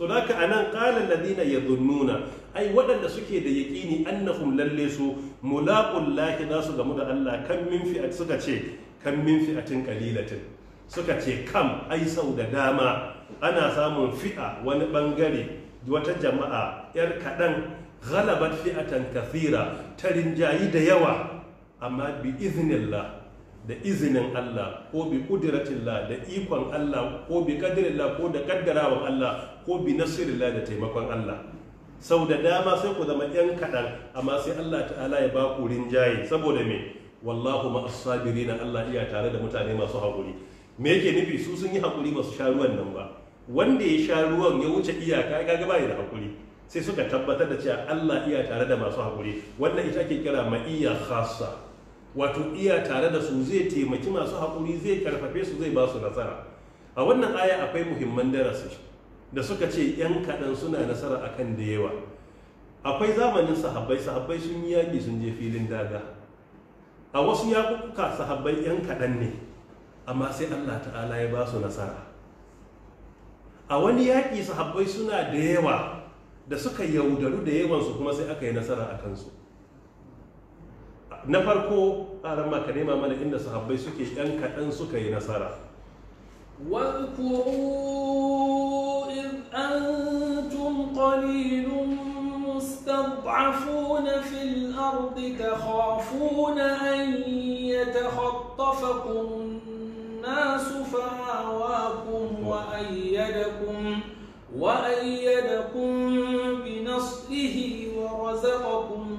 so da ka anan ladina ya yadhunnuna ai waɗanda suke da yaqini annahum lalle su mulaqul lahi za su gamu da Allah kan min fi'at suka ce kan min fi'atin qalilatin suka ce kam ai sau da dama ana samun fi'a wani bangare wata jama'a yar kaɗan ghalabat fi'atan kathira ta rinjayi da yawa amma bi iznillah da izinin Allah ko bi kudratillah da ikon Allah ko bi kadirillah ko da kaddarawan Allah ko bi nasirillah da taimakon Allah sau da dama sai ku zama yan kaɗan amma sai Allah ta'ala ya ba ku rinjaye saboda me wallahu ma'as na Allah iya tare da mutane masu haƙuri me yake nufi su sun yi haƙuri ba su sha ruwan nan ba wanda ya sha ruwan ya wuce iyaka ya gaba da haƙuri sai suka tabbatar da cewa Allah iya tare da masu haƙuri wannan ita ake kira ma'iyya khassa wato iya tare da su zai taimaki masu haƙuri zai karfafe su zai ba su nasara a wannan aya akwai muhimman darasi da suka ce 'yan kaɗan suna nasara akan da yawa akwai zamanin sahabbai sahabbai sun yi yaƙi sun je filin daga a wasu kuka sahabbai 'yan kaɗan ne amma sai allah ta'ala ya ba su nasara a wani yaƙi sahabbai suna da yawa da suka yaudaru da yawansu kuma sai aka yi nasara a kansu na farko ƙarar maka nema mana inda sahabbai suke 'yan kaɗan suka yi nasara أنتم قليل مستضعفون في الأرض تخافون أن يتخطفكم الناس فآواكم وأيدكم وأيدكم بنصره ورزقكم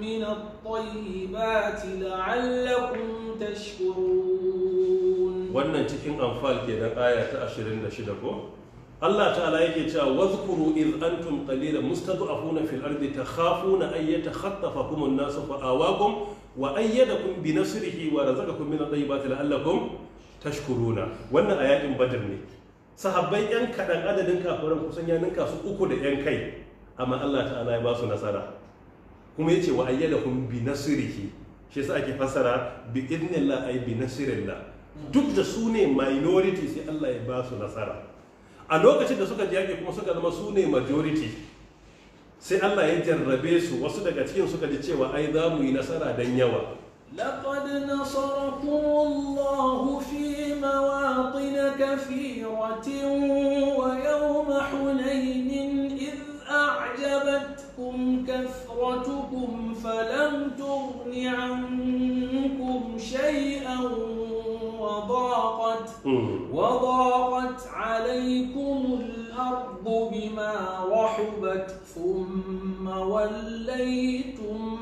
من الطيبات لعلكم تشكرون. wannan cikin amfal kenan آية 26 ko Allah ta'ala yake cewa wazkuru iz antum qalila mustad'afuna fil ardi takhafuna an yatakhattafakum an-nasu fa awakum wa ayyadakum bi nasrihi wa razaqakum min at-tayyibati la'allakum tashkuruna wannan a badr ne sahabbai yan kadan adadin kafiran kusan ya ninka su uku da yan kai amma Allah ta'ala ya ba nasara kuma yace wa ayyadakum bi nasrihi shi yasa ake fassara bi idnillah ay bi nasrillah duk da su ne minority sai Allah ya basu nasara a lokacin da suka jage kuma suka zama su ne majority sai Allah ya jarrabe su wasu daga cikin suka ji cewa ai za mu yi nasara don yawa لقد نصركم الله في مواطن كثيرة ويوم حنين إذ أعجبتكم كثرتكم فلم تغن عنكم شيئا وضاقت وضاقت عليكم الأرض بما رحبت ثم وليتم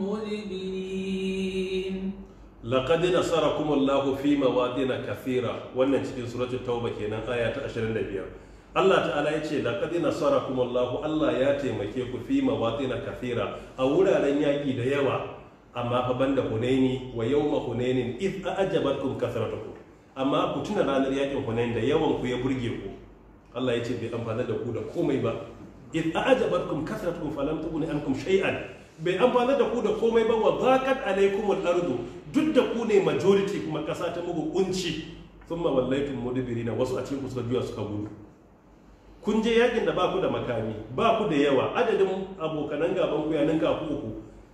مدبرين لقد نصركم الله في مواطن كثيرة wannan cikin suratul tauba kenan aya ta biyar. Allah ta'ala ya ce laqad nasarakum Allah Allah ya taimake ku fi mawatin kathira a wuraren yaƙi da yawa amma fa banda hunaini wa yawma hunainin id a'jabatkum kasratukum amma ku tuna ranar yakin hunain da yawan ku ya burge ku Allah ya ce bai amfana da ku da komai ba id a'jabatkum kasratukum falam tughni ankum shay'an bai amfana da ku da komai ba wa zaqat alaykum al-ardu duk da ku ne majority kuma kasa ta mugu kunci thumma wallaytum mudbirina wasu a cikin ku suka juya suka gudu kun je yakin da ba ku da makami ba ku da yawa adadin abokanan gaban ku ya ninka ku uku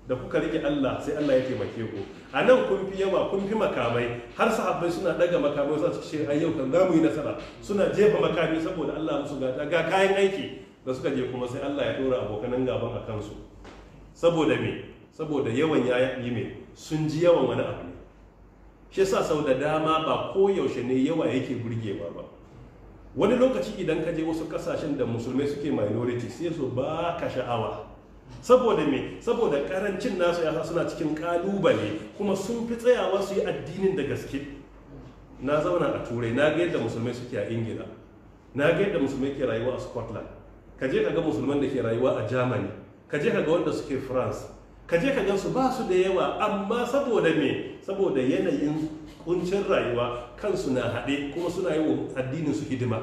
da kuka rike Allah sai Allah ya taimake ku a nan kun fi yawa kun fi makamai har sahabbai suna daga makamai za su ce ayyau yau kan zamu yi nasara suna jefa makami saboda Allah musu gata ga kayan aiki da suka je kuma sai Allah ya dora abokanan gaban a kansu saboda me saboda yawan ya yi me sun ji yawan wani abu ne shi yasa sau da dama ba ko yaushe ne yawa yake burgewa ba wani lokaci idan ka je wasu kasashen da musulmai suke minority sai su ba ka sha'awa saboda me saboda karancin nasu ya suna cikin kalubale kuma sun fi tsayawa su yi addinin da gaske na zauna a turai na ga yadda musulmai suke a ingila na ga yadda musulmai ke rayuwa a scotland ka je ka ga musulman da ke rayuwa a germany ka je ka ga wanda suke france ka je ka gansu ba su da yawa amma saboda me saboda yanayin kuncin rayuwa kansu na haɗe kuma suna yi wa addinin su hidima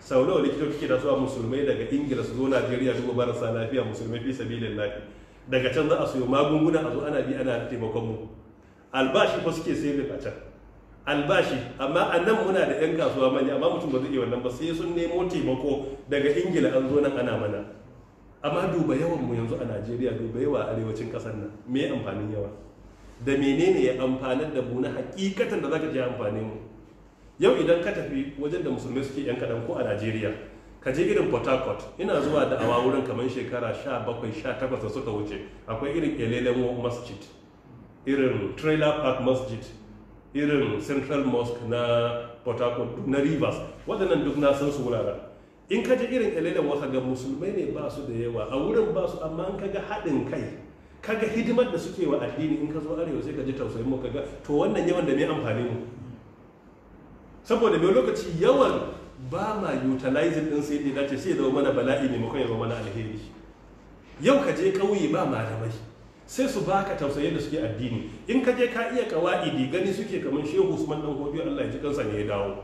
sau nawa likitoci ke tasowa musulmai daga ingila su zo najeriya duba marasa lafiya musulmai fi sabili lafi daga can za a siyo magunguna a zo ana bi ana taimakon mu albashi ko suke sai da can albashi amma a muna da yan kasuwa manya amma mutum ba zai iya wannan ba sai sun nemo taimako daga ingila an zo nan ana mana amma duba yawan mu yanzu a najeriya duba yawa arewacin kasar nan me amfanin yawa da menene ya amfanar da mu na hakikatan da zaka je amfanin mu yau idan ka tafi wajen da musulmi suke yan kadan ko a najeriya ka je irin port harcourt ina zuwa da awa wurin kamar shekara 17-18 da suka wuce akwai irin elelen masjid irin trailer park masjid irin central mosque na port harcourt na rivers waɗannan duk na san su wuraren in ka je irin elelen wasa ga musulmai ne ba su da yawa a wurin ba su amma in ka ga haɗin kai ka ga hidimar da suke wa addini in ka zo arewa sai ka ji tausayin mu ka to wannan yawan da me amfani mu saboda mai lokaci yawan ba ma utilizing din sai da dace sai zama mana bala'i ne makon zama mana alheri yau ka je ƙauye ba mai sai su baka tausayin da suke addini in ka je ka iya kawa'idi gani suke kamar shehu usman dan gobe Allah ya ji kansa ne ya dawo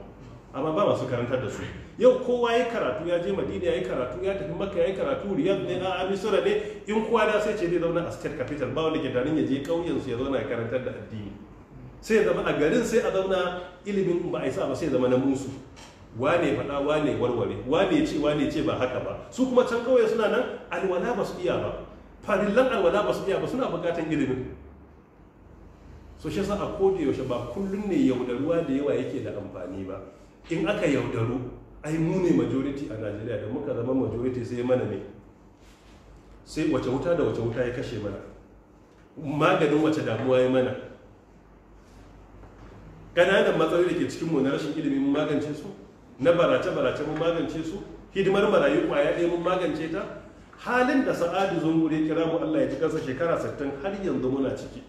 amma ba masu karantar da su yau kowa ya karatu ya je madina ya karatu ya tafi makka ya karatu riyad ne na misra ne in kowa da sai ce zai zauna a state capital ba wanda ke ya je kauyen su ya zauna ya karantar da addini sai zama a garin sai a zauna ilimin ba a isa ba sai zama na musu wane faɗa wane warware wane ce wane ce ba haka ba su kuma can kawai suna nan alwala ba su iya ba farillan alwala ba su iya ba suna bukatan ilimin so shi a koda yaushe ba kullum ne yaudaruwa da yawa yake da amfani ba in aka yaudaru ai mu ne majority a najeriya da muka zama majority sai mana ne sai wace wuta da wace wuta ya kashe mana maganin wace damuwa ya mana ƙananan matsaloli da ke cikinmu mu na rashin ilimi mun magance su na barace barace mun magance su hidimar marayu kwaya ɗaya mun magance ta halin da sa'adu zungure kira mu Allah ya ji kansa shekara 60 har yanzu muna ciki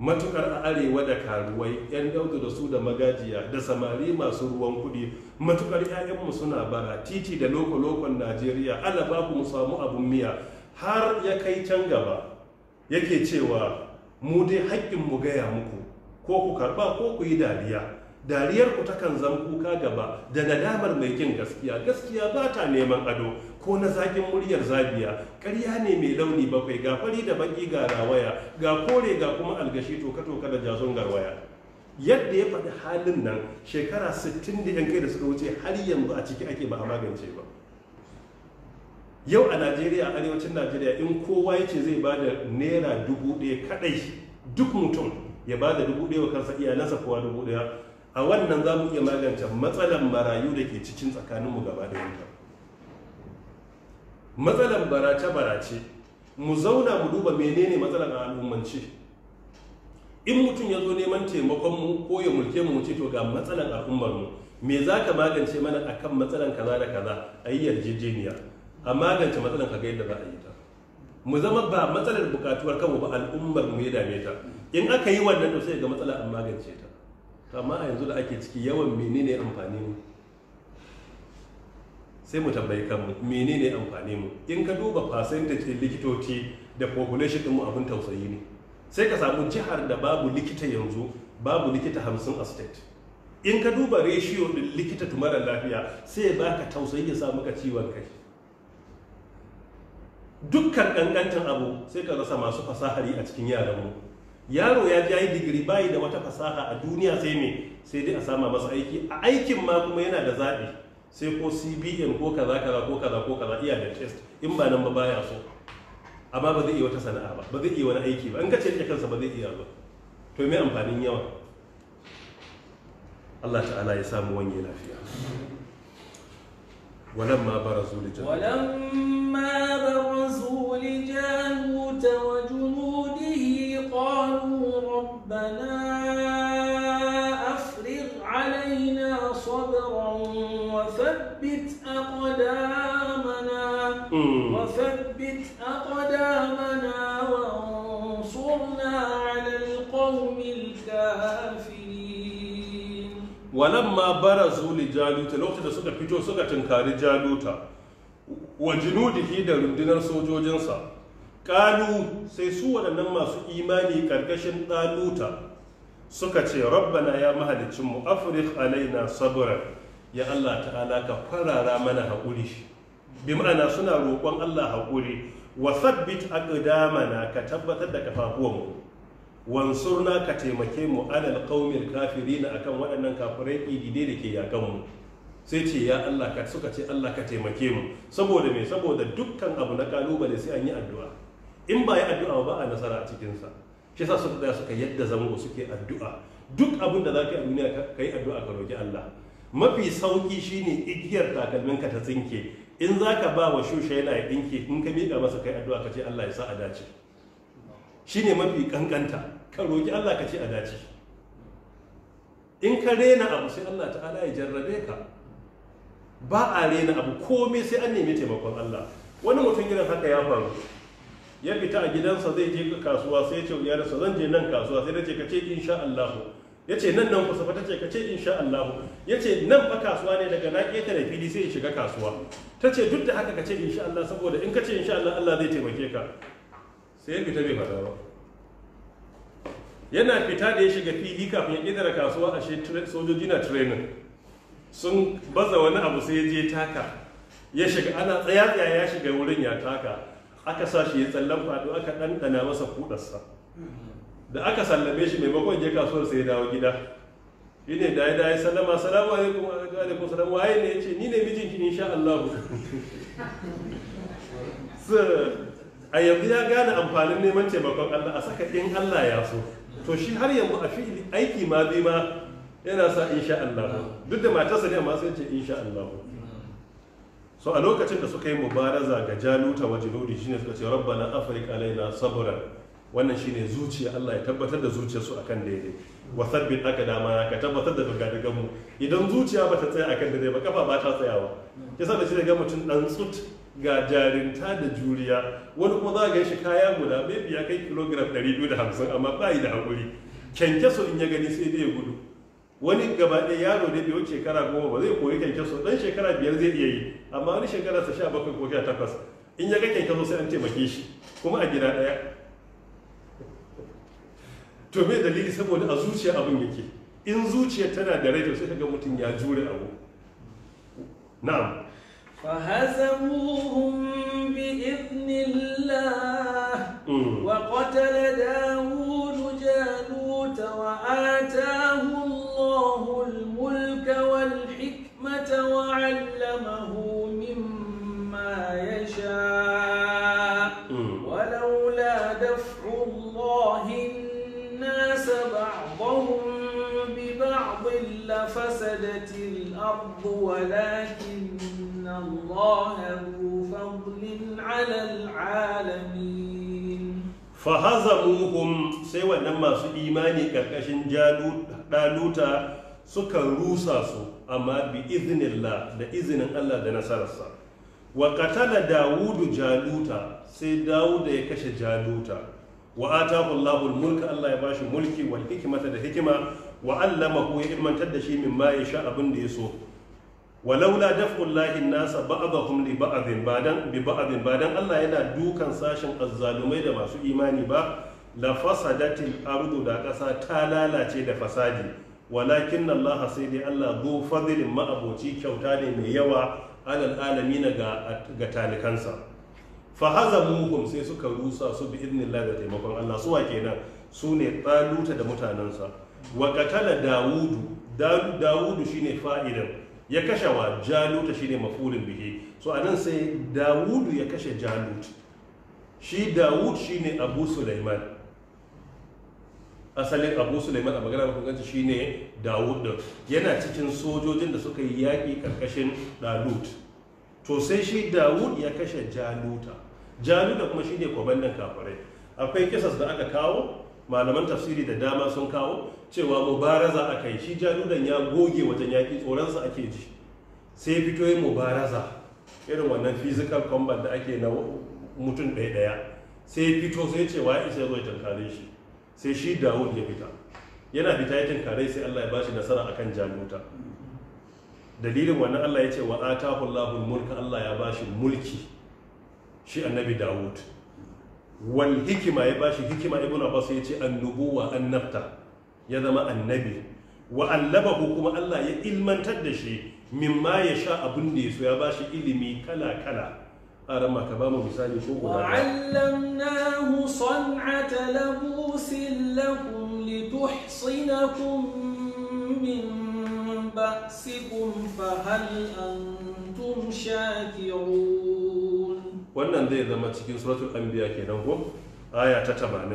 matukar a arewa da karuwai yan daudu da su da magajiya da samari masu ruwan kuɗi matukar 'ya'yanmu suna bara titi da loko-lokon najeriya ala babu mu samu abun miya har ya kai can gaba yake cewa mu dai haƙƙin mu gaya muku ko ku karba ko ku yi dariya dariyar ku takan zan kuka gaba da nadamar mai kin gaskiya gaskiya ba ta neman ado ko na zakin muryar zabiya ƙarya ne mai launi bakwai ga fari da baki ga rawaya ga kore ga kuma algashi toka toka da jason garwaya yadda ya faɗi halin nan shekara 60 da 'yan kai da suka wuce har yanzu a ciki ake ba a magance ba yau a najeriya arewacin najeriya in kowa ya ce zai ba da naira dubu ɗaya kaɗai duk mutum ya ba da dubu ɗaya wa kansa iyalansa kowa dubu ɗaya a wannan za mu iya magance matsalar marayu da ke cikin tsakaninmu gaba da yanka matsalar barace barace mu zauna mu duba menene matsalar a al'ummance in mutum ya zo neman taimakon mu ko ya mulke mu ce to ga matsalar mu me za ka magance mana akan matsalar kaza da kaza a yi yarjejeniya a magance matsalar ka ga yadda za a yi ta mu zama ba matsalar bukatuwar kanmu ba al'ummar mu ya dame ta in aka yi wannan to sai ga matsala an magance ta amma a yanzu da ake ciki yawan menene amfani mu sai mu tambayi kanmu menene amfani mu in ka duba percentage din likitoci da population din mu abin tausayi ne sai ka samu jihar da babu likita yanzu babu likita hamsin a state in ka duba ratio din likita to mara lafiya sai baka tausayi ya samu ka ciwon kai dukkan kankantan abu sai ka rasa masu fasahari a cikin yaranmu yaro ya ji yi digiri bayi da wata fasaha a duniya sai me sai dai a sama masu aiki a aikin ma kuma yana da zaɓi sai ko cbn ko kaza kaza ko kaza ko kaza iya da test in ba nan ba baya so amma ba zai iya wata sana'a ba ba zai iya wani aiki ba in ka ce kansa ba zai iya ba to me amfanin yawa Allah ta'ala ya samu wani lafiya ولما برزوا لجاهوت ولما برزوا لجاهوت وجنوده قالوا ربنا أفرغ علينا صبرا وثبت أقدامنا وثبت أقدامنا وانصرنا على القوم الكافرين walamma bara zuli jaluta lokacin da suka fito suka tunkari jaluta wa junudihi da rundunar sojojinsa kalu sai su waɗannan masu imani ƙarƙashin ɗaluta suka ce rabbana ya mu Afirik alaina sabura ya allah ta'ala ka farara mana haƙuri bi ma'ana suna roƙon allah haƙuri wa sabbit aqdamana ka tabbatar da kafafuwanmu Wansur na ka taimake mu alal qaumil kafirin akan waɗannan kafirai idide da ke yakan mu sai ce ya Allah ka suka ce Allah ka taimake mu saboda me saboda dukkan abu na ƙalubale sai an yi addu'a in ba yi addu'a ba a nasara a cikin sa shi yasa suka tsaya suka yadda zango suke addu'a duk abin da zaka yi a duniya ka yi addu'a ka roki Allah mafi sauki shine igiyar takalmin ka ta tsinke in zaka ba wa shusha yana ya dinke in ka miƙa masa kai addu'a ka ce Allah ya sa a dace shine mafi ƙanƙanta. ka roƙi Allah ka ce a dace in ka rena abu sai Allah ta'ala ya jarrabe ka ba a rena abu komai sai an nemi taimakon Allah wani mutum irin haka ya faru ya fita a gidansa zai je kasuwa sai ce yarsa zan je nan kasuwa sai ce ka ce insha Allah ya ce nan nan kusa ta ce ka ce insha Allah ya ce nan fa kasuwa ne daga na ƙetare fili sai ya shiga kasuwa ta ce duk da haka ka ce insha Allah saboda in ka ce insha Allah Allah zai taimake ka sai ya fita bai fada ba yana fita da ya shiga fili kafin ya kidara kasuwa a sojoji na training sun baza wani abu sai ya je taka ya shiga ana tsaya tsaya ya shiga wurin ya taka aka sa shi ya tsallan fado aka ɗanɗana masa kudarsa da aka sallame shi maimakon je kasuwar sai ya dawo gida shi ne da ya da ya sallama salamu alaikum alaikum salam waye ne ya ce ni ne mijinki insha Allah a yanzu ya gane amfanin neman taimakon Allah a saka in Allah ya so to shi har yanzu a fi aiki ma bi ma yana sa insha Allah duk da matarsa ne amma sai ce insha Allah so a lokacin da suka yi mubaraza ga jaluta wa jinudi shine suka ce rabbana afrik alaina sabra wannan shine zuciya Allah ya tabbatar da zuciyar su akan daidai wa sabbit aka dama ka tabbatar da dogadagan mu idan zuciya bata tsaya akan daidai ba kafa ba ta tsayawa yasa da shi ga mutum dan tsut ga jarinta da juriya wani kuma za ga shi kaya guda maybe ya kai kilogram 250 amma ba yi da hakuri kyankyaso in ya gani sai dai ya gudu wani gaba ɗaya yaro da bai shekara goma ba zai koyi kyankyaso dan shekara biyar zai iya yi amma wani shekara sa sha bakwai ko sha takwas in ya ga kyankyaso sai an taimake shi kuma a gida ɗaya to me dalili saboda a zuciya abin yake in zuciya tana da rai to sai ka ga mutum ya jure abu na'am فهزموهم بإذن الله وقتل داود جالوت وآتاه الله الملك والحكمة وعلمه مما يشاء ولولا دفع الله الناس بعضهم ببعض لفسدت الأرض ولكن الله ذو فضل على العالمين فهزموهم سوى لما سو إيماني كركشن دالوتا suka rusa su amma bi iznillah da izinin Allah da nasararsa wa qatala dawudu jaluta sai dawud ya kashe jaluta wa atahu Allahu mulka Allah ya bashi mulki wal hikmata da hikima wa ko ya ilmantar da shi min ya sha abin da ya so walaula دفع nasa الناس بعضهم لبعض badan bi ba'dhin الله Allah yana dukan sashin azzalumai da masu imani ba la fasadatil ardu da kasa ta lalace da fasadi walakin Allah sai dai Allah zo fadlin ma'aboci kyauta ne mai yawa alal alamin ga ga talikansa fa hazamuhum sai suka rusa su bi idnillah da taimakon Allah suwa kenan su ne taluta da mutanansa wa qatala daudu dawudu shine fa'idan ya kashe wa jaluta shine mafulin bihi so anan sai dawudu ya kashe jalut shi dawud shine abu sulaiman asalin abu sulaiman a magana mafi shine dawud din yana cikin sojojin da suka yi yaƙi ƙarƙashin dalut to sai shi dawud ya kashe jaluta jaluta kuma shine kwamandan kafirai akwai kisas da aka kawo malaman tafsiri da dama sun kawo cewa mubaraza aka yi shi jaludan ya goge wajen yaƙi tsoronsa ake ji sai fito yi mubaraza irin wannan physical combat da ake na mutum ɗaya ɗaya sai fito sai ce ya isa ya zo ya tankare shi sai shi dawud ya fita yana fita ya tankare sai allah ya bashi nasara akan jaluta dalilin wannan allah ya ce wa atahu allahul mulka allah ya bashi mulki shi annabi dawud wal hikima ya bashi hikima ibn abbas ya ce annubuwa annabta ya zama annabi wa allabahu kuma Allah ya ilmantar da shi mimma ya sha abin da ya so ya bashi ilimi kala kala aran ma ka ba mu misali ko guda allamnahu san'ata labusin lakum lituhsinakum min ba'sikum fa hal antum shakirun wannan zai zama cikin suratul anbiya kenan ko aya ta 80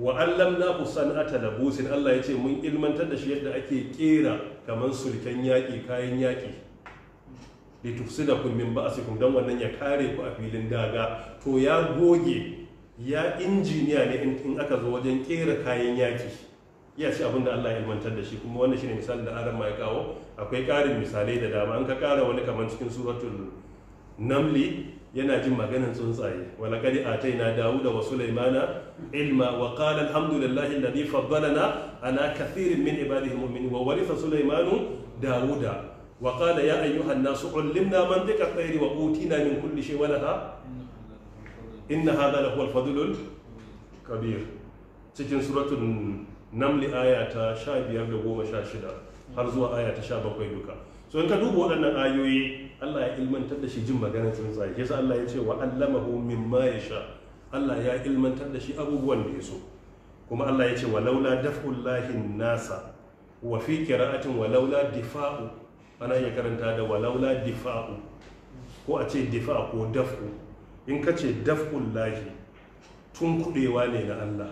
wa allamna qusanata labusin Allah ya ce mun ilmantar da shi yadda ake kera kaman sulken yaki kayan yaki kun min ba'sikum dan wannan ya kare ku a filin daga to ya goge ya injiniya ne in aka zo wajen kera kayan yaki ya ce abinda Allah ya ilmantar da shi kuma wannan shine misali da ma ya kawo akwai ƙarin misalai da dama an ka kara wani kamar cikin suratun namli yana jin maganan tsuntsaye wala kadi ataina dawuda wa sulaimana ilma wa qala alhamdulillahi alladhi faddalana ala kathirin min ibadihi mu'minin wa waritha sulaimanu dawuda wa qala ya ayyuha an-nasu ullimna mantiqa at-tayri wa utina min kulli shay wa laha inna hadha lahu al-fadlul kabir cikin suratul naml aya ta 15 da 16 har zuwa aya ta 17 duka to in ka duba waɗannan ayoyi Allah ya ilmantar da shi jin maganar tsuntsaye shi yasa Allah ya ce wa allamahu mimma yasha Allah ya ilmantar da shi abubuwan da ya so kuma Allah ya ce wa laula daf'ullahi nasa wa fi qira'atin wa laula difa'u ana iya karanta da wa laula difa'u ko a ce difa ko daf'u in ka ce lahi tun kudewa ne na Allah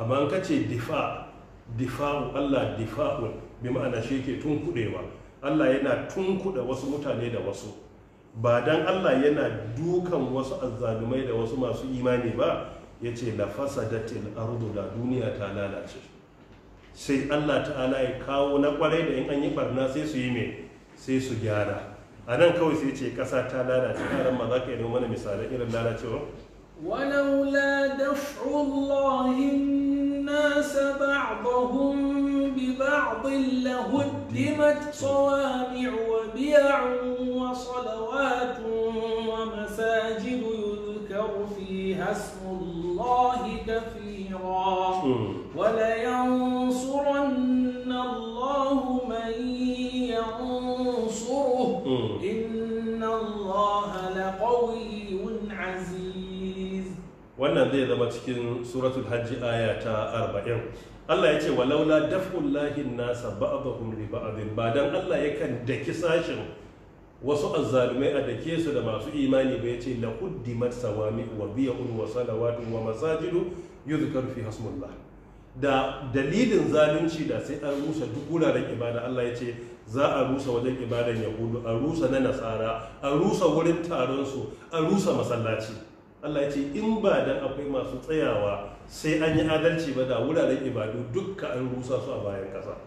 amma in ka ce difa'u Allah difa'u bi ma'ana shi ke tun kudewa Allah yana tunkuda wasu mutane da wasu ba dan Allah yana dukan wasu azzalumai da wasu masu imani ba ya ce la fasadatil ardu da duniya ta lalace sai Allah ta'ala ya kawo na kwarai da in an yi barna sai su yi me sai su gyara a nan kawai sai ce ƙasa ta lalace karan ma za ka yi mana misalai irin lalacewa walaula daf'u الناس بعضهم ببعض لهدمت صوامع وبيع وصلوات ومساجد يذكر فيها اسم الله كثيرا ولينصرن wannan zai zama cikin suratul hajji aya ta arba'in. Allah ya ce wa daf'un lahin nasa ba'dahum li abin ba dan Allah yakan daki sashen. wasu azzalumai a dake su da masu imani ba ce la quddimat sawami wa biya'un wa salawatu wa masajidu yuzkaru fi hasmullah da dalilin zalunci da sai an rusa duk wuraren ibada Allah ya ce za a rusa wajen ibadan yahudu a rusa na nasara a rusa wurin taron su a rusa masallaci Allah ya ce in ba dan akwai masu tsayawa sai an yi adalci ba da wuraren ibadu dukka an rusa su a bayan kasa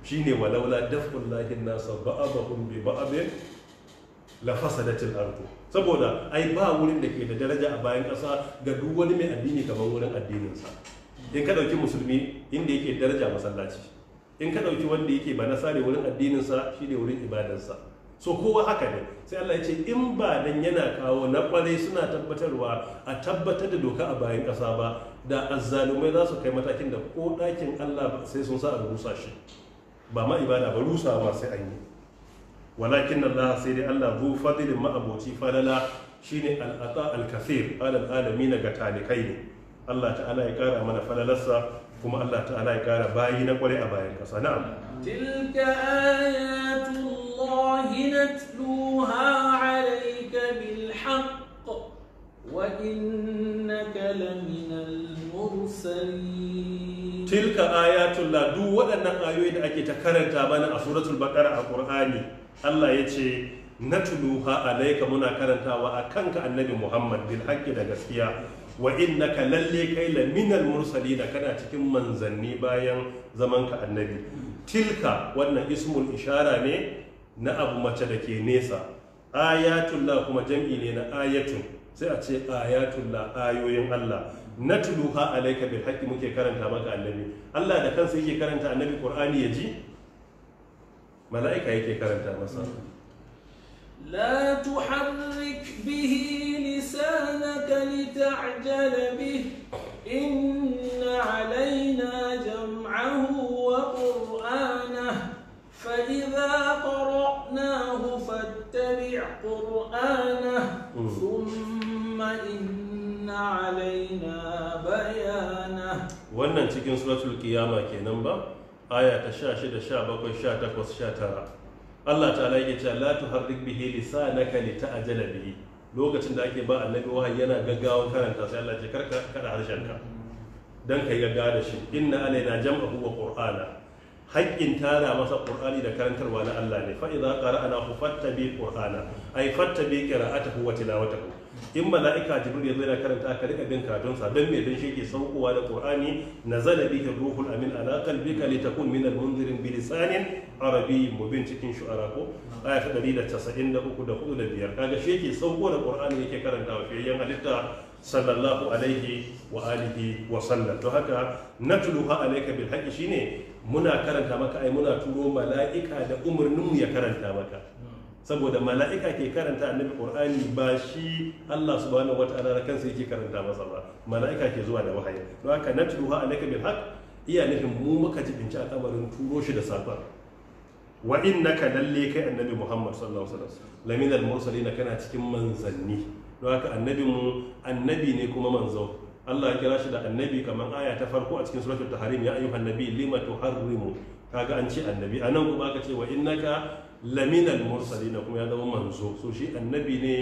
shine walaula dafkun lahin nasa ba'abahum bi ba'abin la fasadatil ardu saboda ai ba wurin da ke da daraja a bayan kasa ga duk wani mai addini kamar wurin addininsa in ka dauki musulmi inda yake daraja masallaci in ka dauki wanda yake ba nasare wurin addininsa shine wurin ibadarsa so kowa haka ne sai Allah ya ce in ba dan yana kawo na kwarai suna tabbatarwa a tabbatar da doka a bayan ƙasa ba da azzalumai za su kai matakin da ko ɗakin Allah sai sun sa a rusa shi ba ma ibada ba rusa sai an yi walakin Allah sai dai Allah zu fadilin ma'aboci falala shine al'ata al-kathir alal alamin ga talikai ne Allah ta'ala ya kara mana falalarsa kuma Allah ta'ala ya kara bayi na kwarai a bayan ƙasa na'am tilka ayatu الله نتلوها عليك بالحق وإنك لمن المرسلين تلك آيات karanta mana a آيوين أكي تكرن تابانا أسورة البقرة القرآن الله يتشي natluha alayka muna karantawa a kanka annabi muhammad bil haqqi da gaskiya wa innaka lalle kai la minal da kana cikin manzanni bayan zamanka annabi tilka wannan ismun ishara ne na abu mace da ke nesa ayatullah kuma jam'i ne na ayatun sai a ce ayatullah ayoyin Allah na tuluha alaika bil haqqi muke karanta maka annabi Allah da kansa yake karanta annabi Qur'ani ya ji mala'ika yake karanta masa لا تحرك به لسانك لتعجل به إن علينا جمعه وقرآنه فإذا قرأناه فاتبع قرآنه ثم إن علينا بيانه wannan cikin suratul qiyama kenan ba aya ta sha takwas sha tara. Allah ta'ala har cewa la tuharrik bihi lisanaka lita'jala bihi lokacin da ake ba annabi wahayi yana gaggawa karanta sai Allah ya karka kada harshenka dan kai gaggawa da shi inna alaina jam'ahu wa qur'ana haƙƙin tara masa ƙur'ani da karantarwa na Allah ne fa idza qara'ana hu fattabi qur'ana ay fattabi qira'atahu wa tilawatahu in mala'ika jibril yazo yana karanta ka riƙa bin karatun sa dan me dan shi ke saukowa da ƙur'ani na bihi ruhul amin ala qalbika litakun min al-munzirin bi lisanin arabi mubin cikin shu'ara ko aya ta 193 da biyar. kaga shi ke sauko da ƙur'ani yake karantawa fiye yan halitta sallallahu alaihi wa alihi wa sallam to haka natluha alayka bil haqqi shine muna karanta maka ai muna turo mala'ika da umarninmu ya karanta maka saboda mala'ika ke karanta annabi qur'ani ba shi Allah subhanahu wataala da kansa yake karanta masa ba mala'ika ke zuwa da wahayi don haka natluha alayka bil haqq iya nufin mu muka jibinci al'amarin turo shi da safar wa innaka lalle kai annabi Muhammad sallallahu alaihi wasallam laminal mursalin kana cikin manzanni don haka annabin mu annabi ne kuma manzo Allah ya kira shi da annabi kamar aya ta farko a cikin suratul tahrim ya ayyuhan nabi lima tuharrimu kaga an ce annabi anan kuma aka ce wa innaka laminal mursalin kuma ya zama manzo so shi annabi ne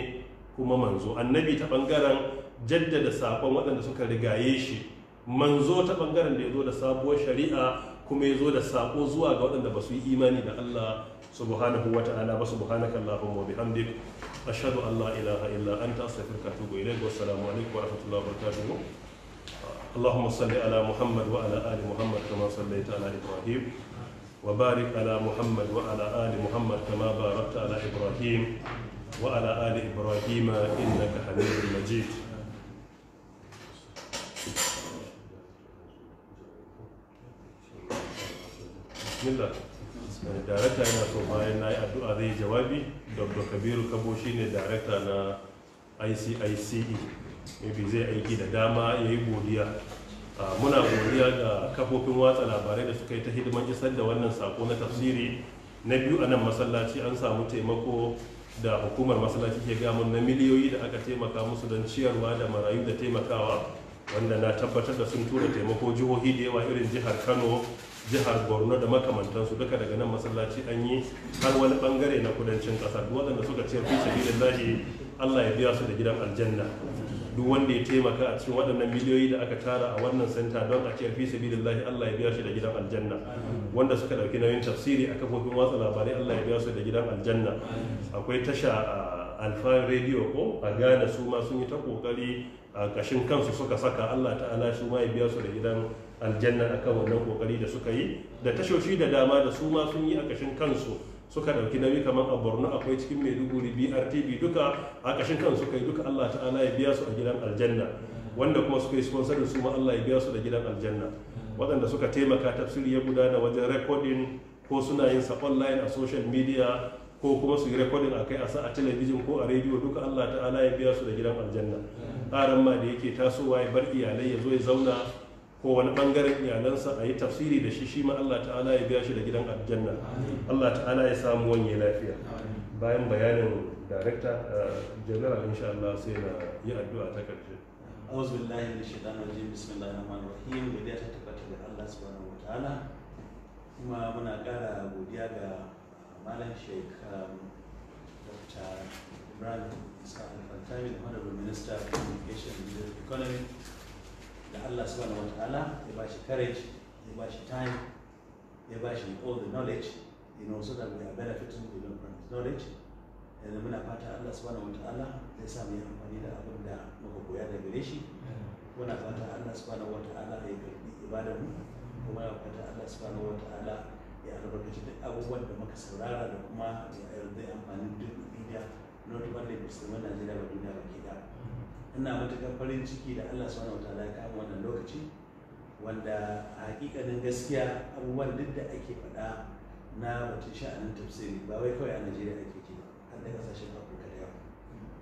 kuma manzo annabi ta bangaren jaddada sakon waɗanda suka rigaye shi manzo ta bangaren da ya zo da sabuwar shari'a kuma ya zo da sako zuwa ga waɗanda ba su yi imani da Allah subhanahu wa ta'ala ba allahumma wa bihamdika ashadu an la ilaha illa anta astaghfiruka wa atubu ilayk wa assalamu alaikum wa rahmatullahi wa barakatuh اللهم ala على محمد وعلى ال محمد كما صليت على ala muhammad على محمد وعلى ال محمد كما باركت على ابراهيم وعلى ال ابراهيم انك حميد مجيد بسم الله darakta yana so bayan na yi addu'a zai jawabi dr kabiru kabo ne darekta na icice maybe zai aiki da dama ya yi godiya ah, muna godiya ga kafofin watsa labarai da suka yi ta hidiman isar da wannan sako na tafsiri na biyu a nan masallaci an samu taimako da hukumar masallaci ke gamun na miliyoyi da aka taimaka musu don ciyarwa da marayu da taimakawa wanda na tabbatar da sun tura taimako jihohi da yawa irin jihar kano jihar borno da makamantansu duka daga nan masallaci an yi har wani bangare na kudancin kasar. duk waɗanda suka ce fi lahi allah ya biya su da gidan aljanna duk wanda ya taimaka a cikin waɗannan miliyoyi da aka tara a wannan santa don a ciyar fi sabilillahi Allah ya biya shi da gidan aljanna wanda suka ɗauki nauyin tafsiri a kafofin watsa labarai Allah ya biya su da gidan aljanna akwai tasha a alfa radio ko a Ghana su ma sun yi ta kokari a kashin kansu suka saka Allah ta'ala su ma ya biya su da gidan aljanna akan wannan kokari da suka yi da tashoshi da dama da su ma sun yi a kashin kansu suka ɗauki nauyi kamar a borno akwai cikin maiduguri brtb duka a kashin kansu suka yi duka allah ta'ala ya biya su a gidan aljanna wanda kuma suka yi sponsorin su ma allah ya biya su da gidan aljanna waɗanda suka taimaka tafsiri ya gudana wajen rikodin ko suna yin sa online a social media ko kuma su yi rekodin a kai a sa a talabijin ko a rediyo duka allah ta'ala ya biya su da gidan aljanna aran ma da yake tasowa ya bar iyalai ya zo ya zauna ko wani bangaren iyalansa a yi tafsiri da shi shi ma allah ta'ala ya biya shi da gidan aljanna allah ta'ala ya samu wani lafiya bayan bayanin darekta uh, general insha allah sai na yi addu'a ta karshe أعوذ بالله من الشيطان الرجيم بسم الله الرحمن الرحيم da ta tabbata ga Allah subhanahu wataala kuma muna godiya ga Malan Sheikh, um, Dr. Imran Islam al the Honorable Minister of Communication and Economy, da Allah subhanahu wa ta'ala ya courage, ya ba time, ya ba all the knowledge, you know, so that we are benefiting from his knowledge. Yanzu muna fata Allah subhanahu wa ta'ala ya sa mu yi amfani da abin da muka koya da gare shi. Muna fata Allah subhanahu wa ta'ala ya karbi ibadar mu, kuma muna fata Allah subhanahu wa ta'ala albarkaci duk abubuwan da muka saurara da kuma da amfanin duk media not only musulman najeriya ba duniya ba ke da ina matuƙar farin ciki da allah Wata wataala ya kama wannan lokaci wanda a hakikanin gaskiya abubuwan duk da ake faɗa na wata sha'anin tafsiri ba wai kawai a najeriya ake ke har da ƙasashen afirka da yawa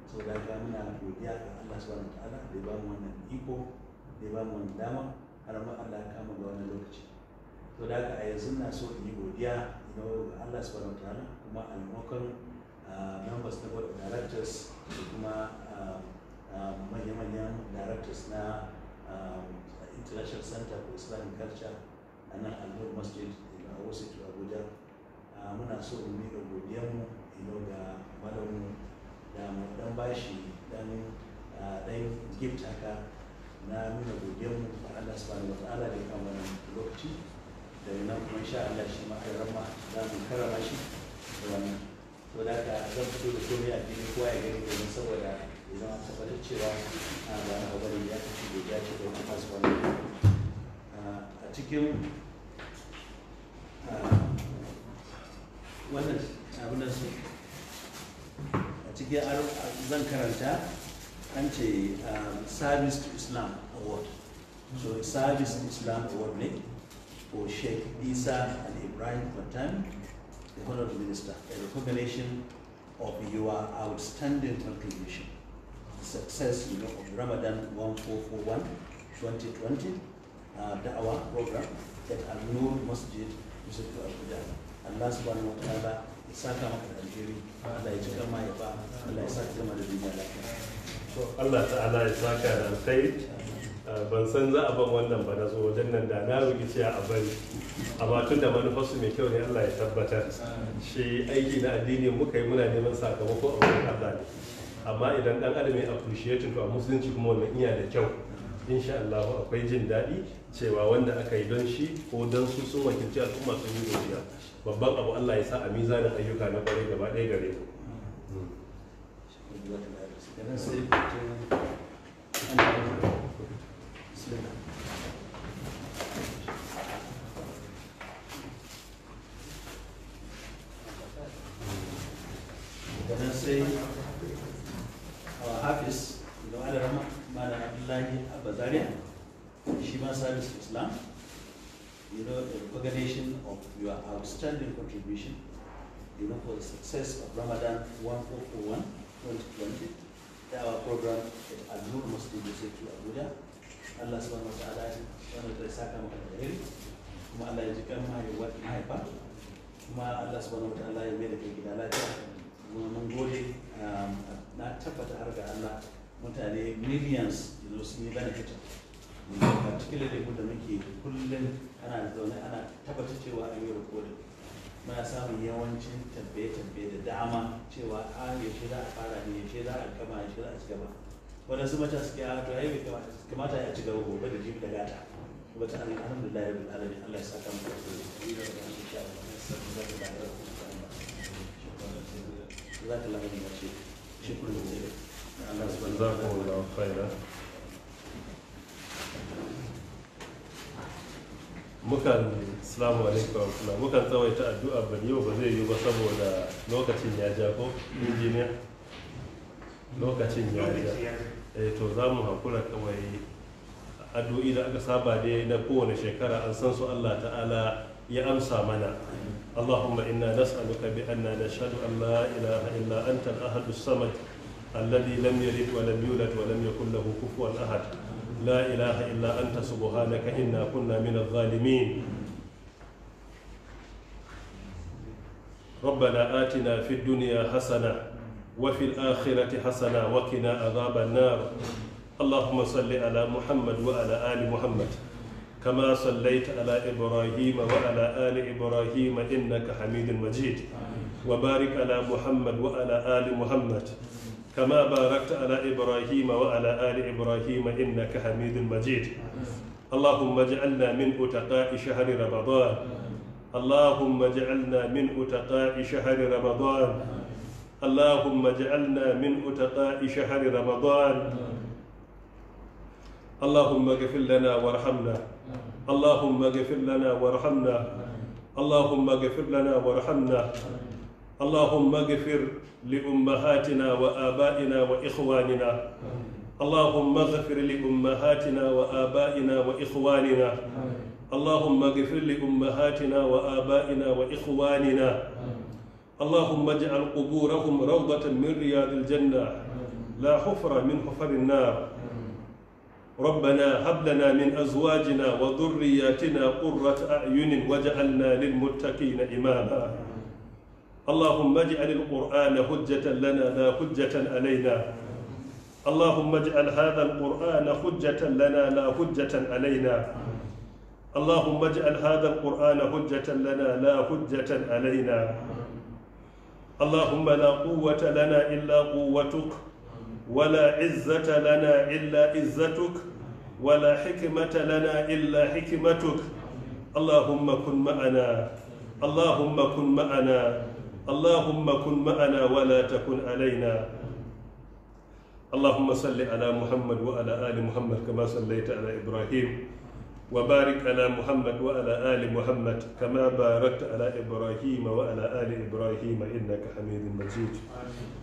so da ga muna godiya ga allah subhanahu Wata da ya ba mu wannan iko da ya ba mu wannan dama har ma allah ya kama ga wannan lokaci to da a yanzu na so in yi godiya ga Allah subhanahu wataala kuma a maimakon ah, members na board of directors da kuma ah, ah, manya-manyan directors na international center for islamic culture a nan al-nur masjid a wasu abuja muna so mu miƙa godiyanmu ino ga malamu da mu dan bashi dan dan gift haka na nuna godiyanmu ga Allah subhanahu wataala da ya kama lokaci daga nan kuma insha Allah shi ma za mu karama shi da wannan to da ka zan fito da komai a fili kowa ya gani domin saboda ya zama cewa ya kace da ya ce da a cikin wannan abin da su a cikin zan karanta an ce service to islam award so service to islam award ne for Sheikh Isa and Ibrahim Matan, the Honourable Minister, a recognition of your outstanding contribution. The success you know, of Ramadan 1441 2020 uh, our program that Al Nur Masjid did. Al Qudan. Allah subhanahu wa ta'ala ya saka maka da alheri, Allah ya cika ma ya Allah ya saka ma da Allah ta'ala ya saka Eh, ban san za a ban wannan ba na zo wajen nan da na rikici a bari A batun da manufarsu mai kyau ne Allah ya tabbatar shi aiki na addini muka yi muna neman sakamako a wurin Allah ne amma idan dan adam ya appreciate to a musulunci kuma wannan iya da kyau insha Allah akwai jin daɗi cewa wanda aka yi don shi ko don su sun wakilci al'umma su yi godiya babban abu Allah ya sa a mizanin ayyuka na kwarai gaba ɗaya gare mu hmm. Thank you. Daga nan say our Hafiz you da Adam Malam Abdullahi Abazari, Shiva Service to Islam, you know, the recognition of your outstanding contribution, you know, for the success of Ramadan 1441, 2020, our program at Al-Nur Muslim University Abuja. Allah subhanahu wa ta'ala wanda ta saka maka da iri kuma Allah ya ji kan mahaifa kuma Allah subhanahu wa ta'ala ya mai da kai gida lafiya kuma mun gode um, na tabbata har ga Allah mutane millions yanzu sun yi benefitin particularly mu da muke kullum ana zaune ana tabbata cewa an yi recording muna samun yawancin tabbe-tabbe da dama cewa a ah, yaushe za a fara ne yaushe za a kama yaushe za a ci gaba su mace suke a to ai kamata ya ci gaba gobe da jibi da gata ba ta alin alhamdulillah rabbil alamin Allah ya saka mu da da za da lafi da shi shukran da da Allah subhanahu wa ta'ala mukan salamu alaikum wa mukan tsawaita addu'a ban yau ba zai yi ba saboda lokacin ya ja ko injiniya lokacin ya ja Eh, to za mu hakura kawai addu'o'i da aka saba da ne na kowane shekara an san su Allah ta'ala ya amsa mana Allahumma inna nas'aluka bi anna nashhadu an la ilaha illa anta al-ahad as-samad alladhi lam yalid wa lam yulad wa ahad la ilaha illa anta subhanaka inna kunna min adh-dhalimin ربنا آتنا في الدنيا حسنه وفي الآخرة حسنة وقنا عذاب النار اللهم صل على محمد وعلى آل محمد كما صليت على إبراهيم وعلى آل إبراهيم إنك حميد مجيد وبارك على محمد وعلى آل محمد كما باركت على إبراهيم وعلى آل إبراهيم إنك حميد مجيد اللهم اجعلنا من أتقاء شهر رمضان اللهم اجعلنا من أتقاء شهر رمضان اللهم اجعلنا من أتقاء شهر رمضان اللهم اغفر لنا وارحمنا اللهم اغفر لنا وارحمنا اللهم اغفر لنا وارحمنا اللهم اغفر لأمهاتنا وآبائنا وإخواننا اللهم اغفر لأمهاتنا وآبائنا وإخواننا اللهم اغفر لأمهاتنا وآبائنا وإخواننا اللهم اجعل قبورهم روضة من رياض الجنة لا حفرة من حفر النار ربنا هب لنا من أزواجنا وذرياتنا قرة أعين وجعلنا للمتقين إماما اللهم اجعل القرآن حجة لنا لا حجة علينا اللهم اجعل هذا القرآن حجة لنا لا حجة علينا اللهم اجعل هذا القرآن حجة لنا لا حجة علينا اللهم لا قوة لنا إلا قوتك ولا عزة لنا إلا عزتك ولا حكمة لنا إلا حكمتك اللهم كن معنا اللهم كن معنا اللهم كن معنا ولا تكن علينا اللهم صل على محمد وعلى آل محمد كما صليت على إبراهيم وبارك على محمد وعلى آل محمد كما باركت على إبراهيم وعلى آل إبراهيم إنك حميد مجيد آمين.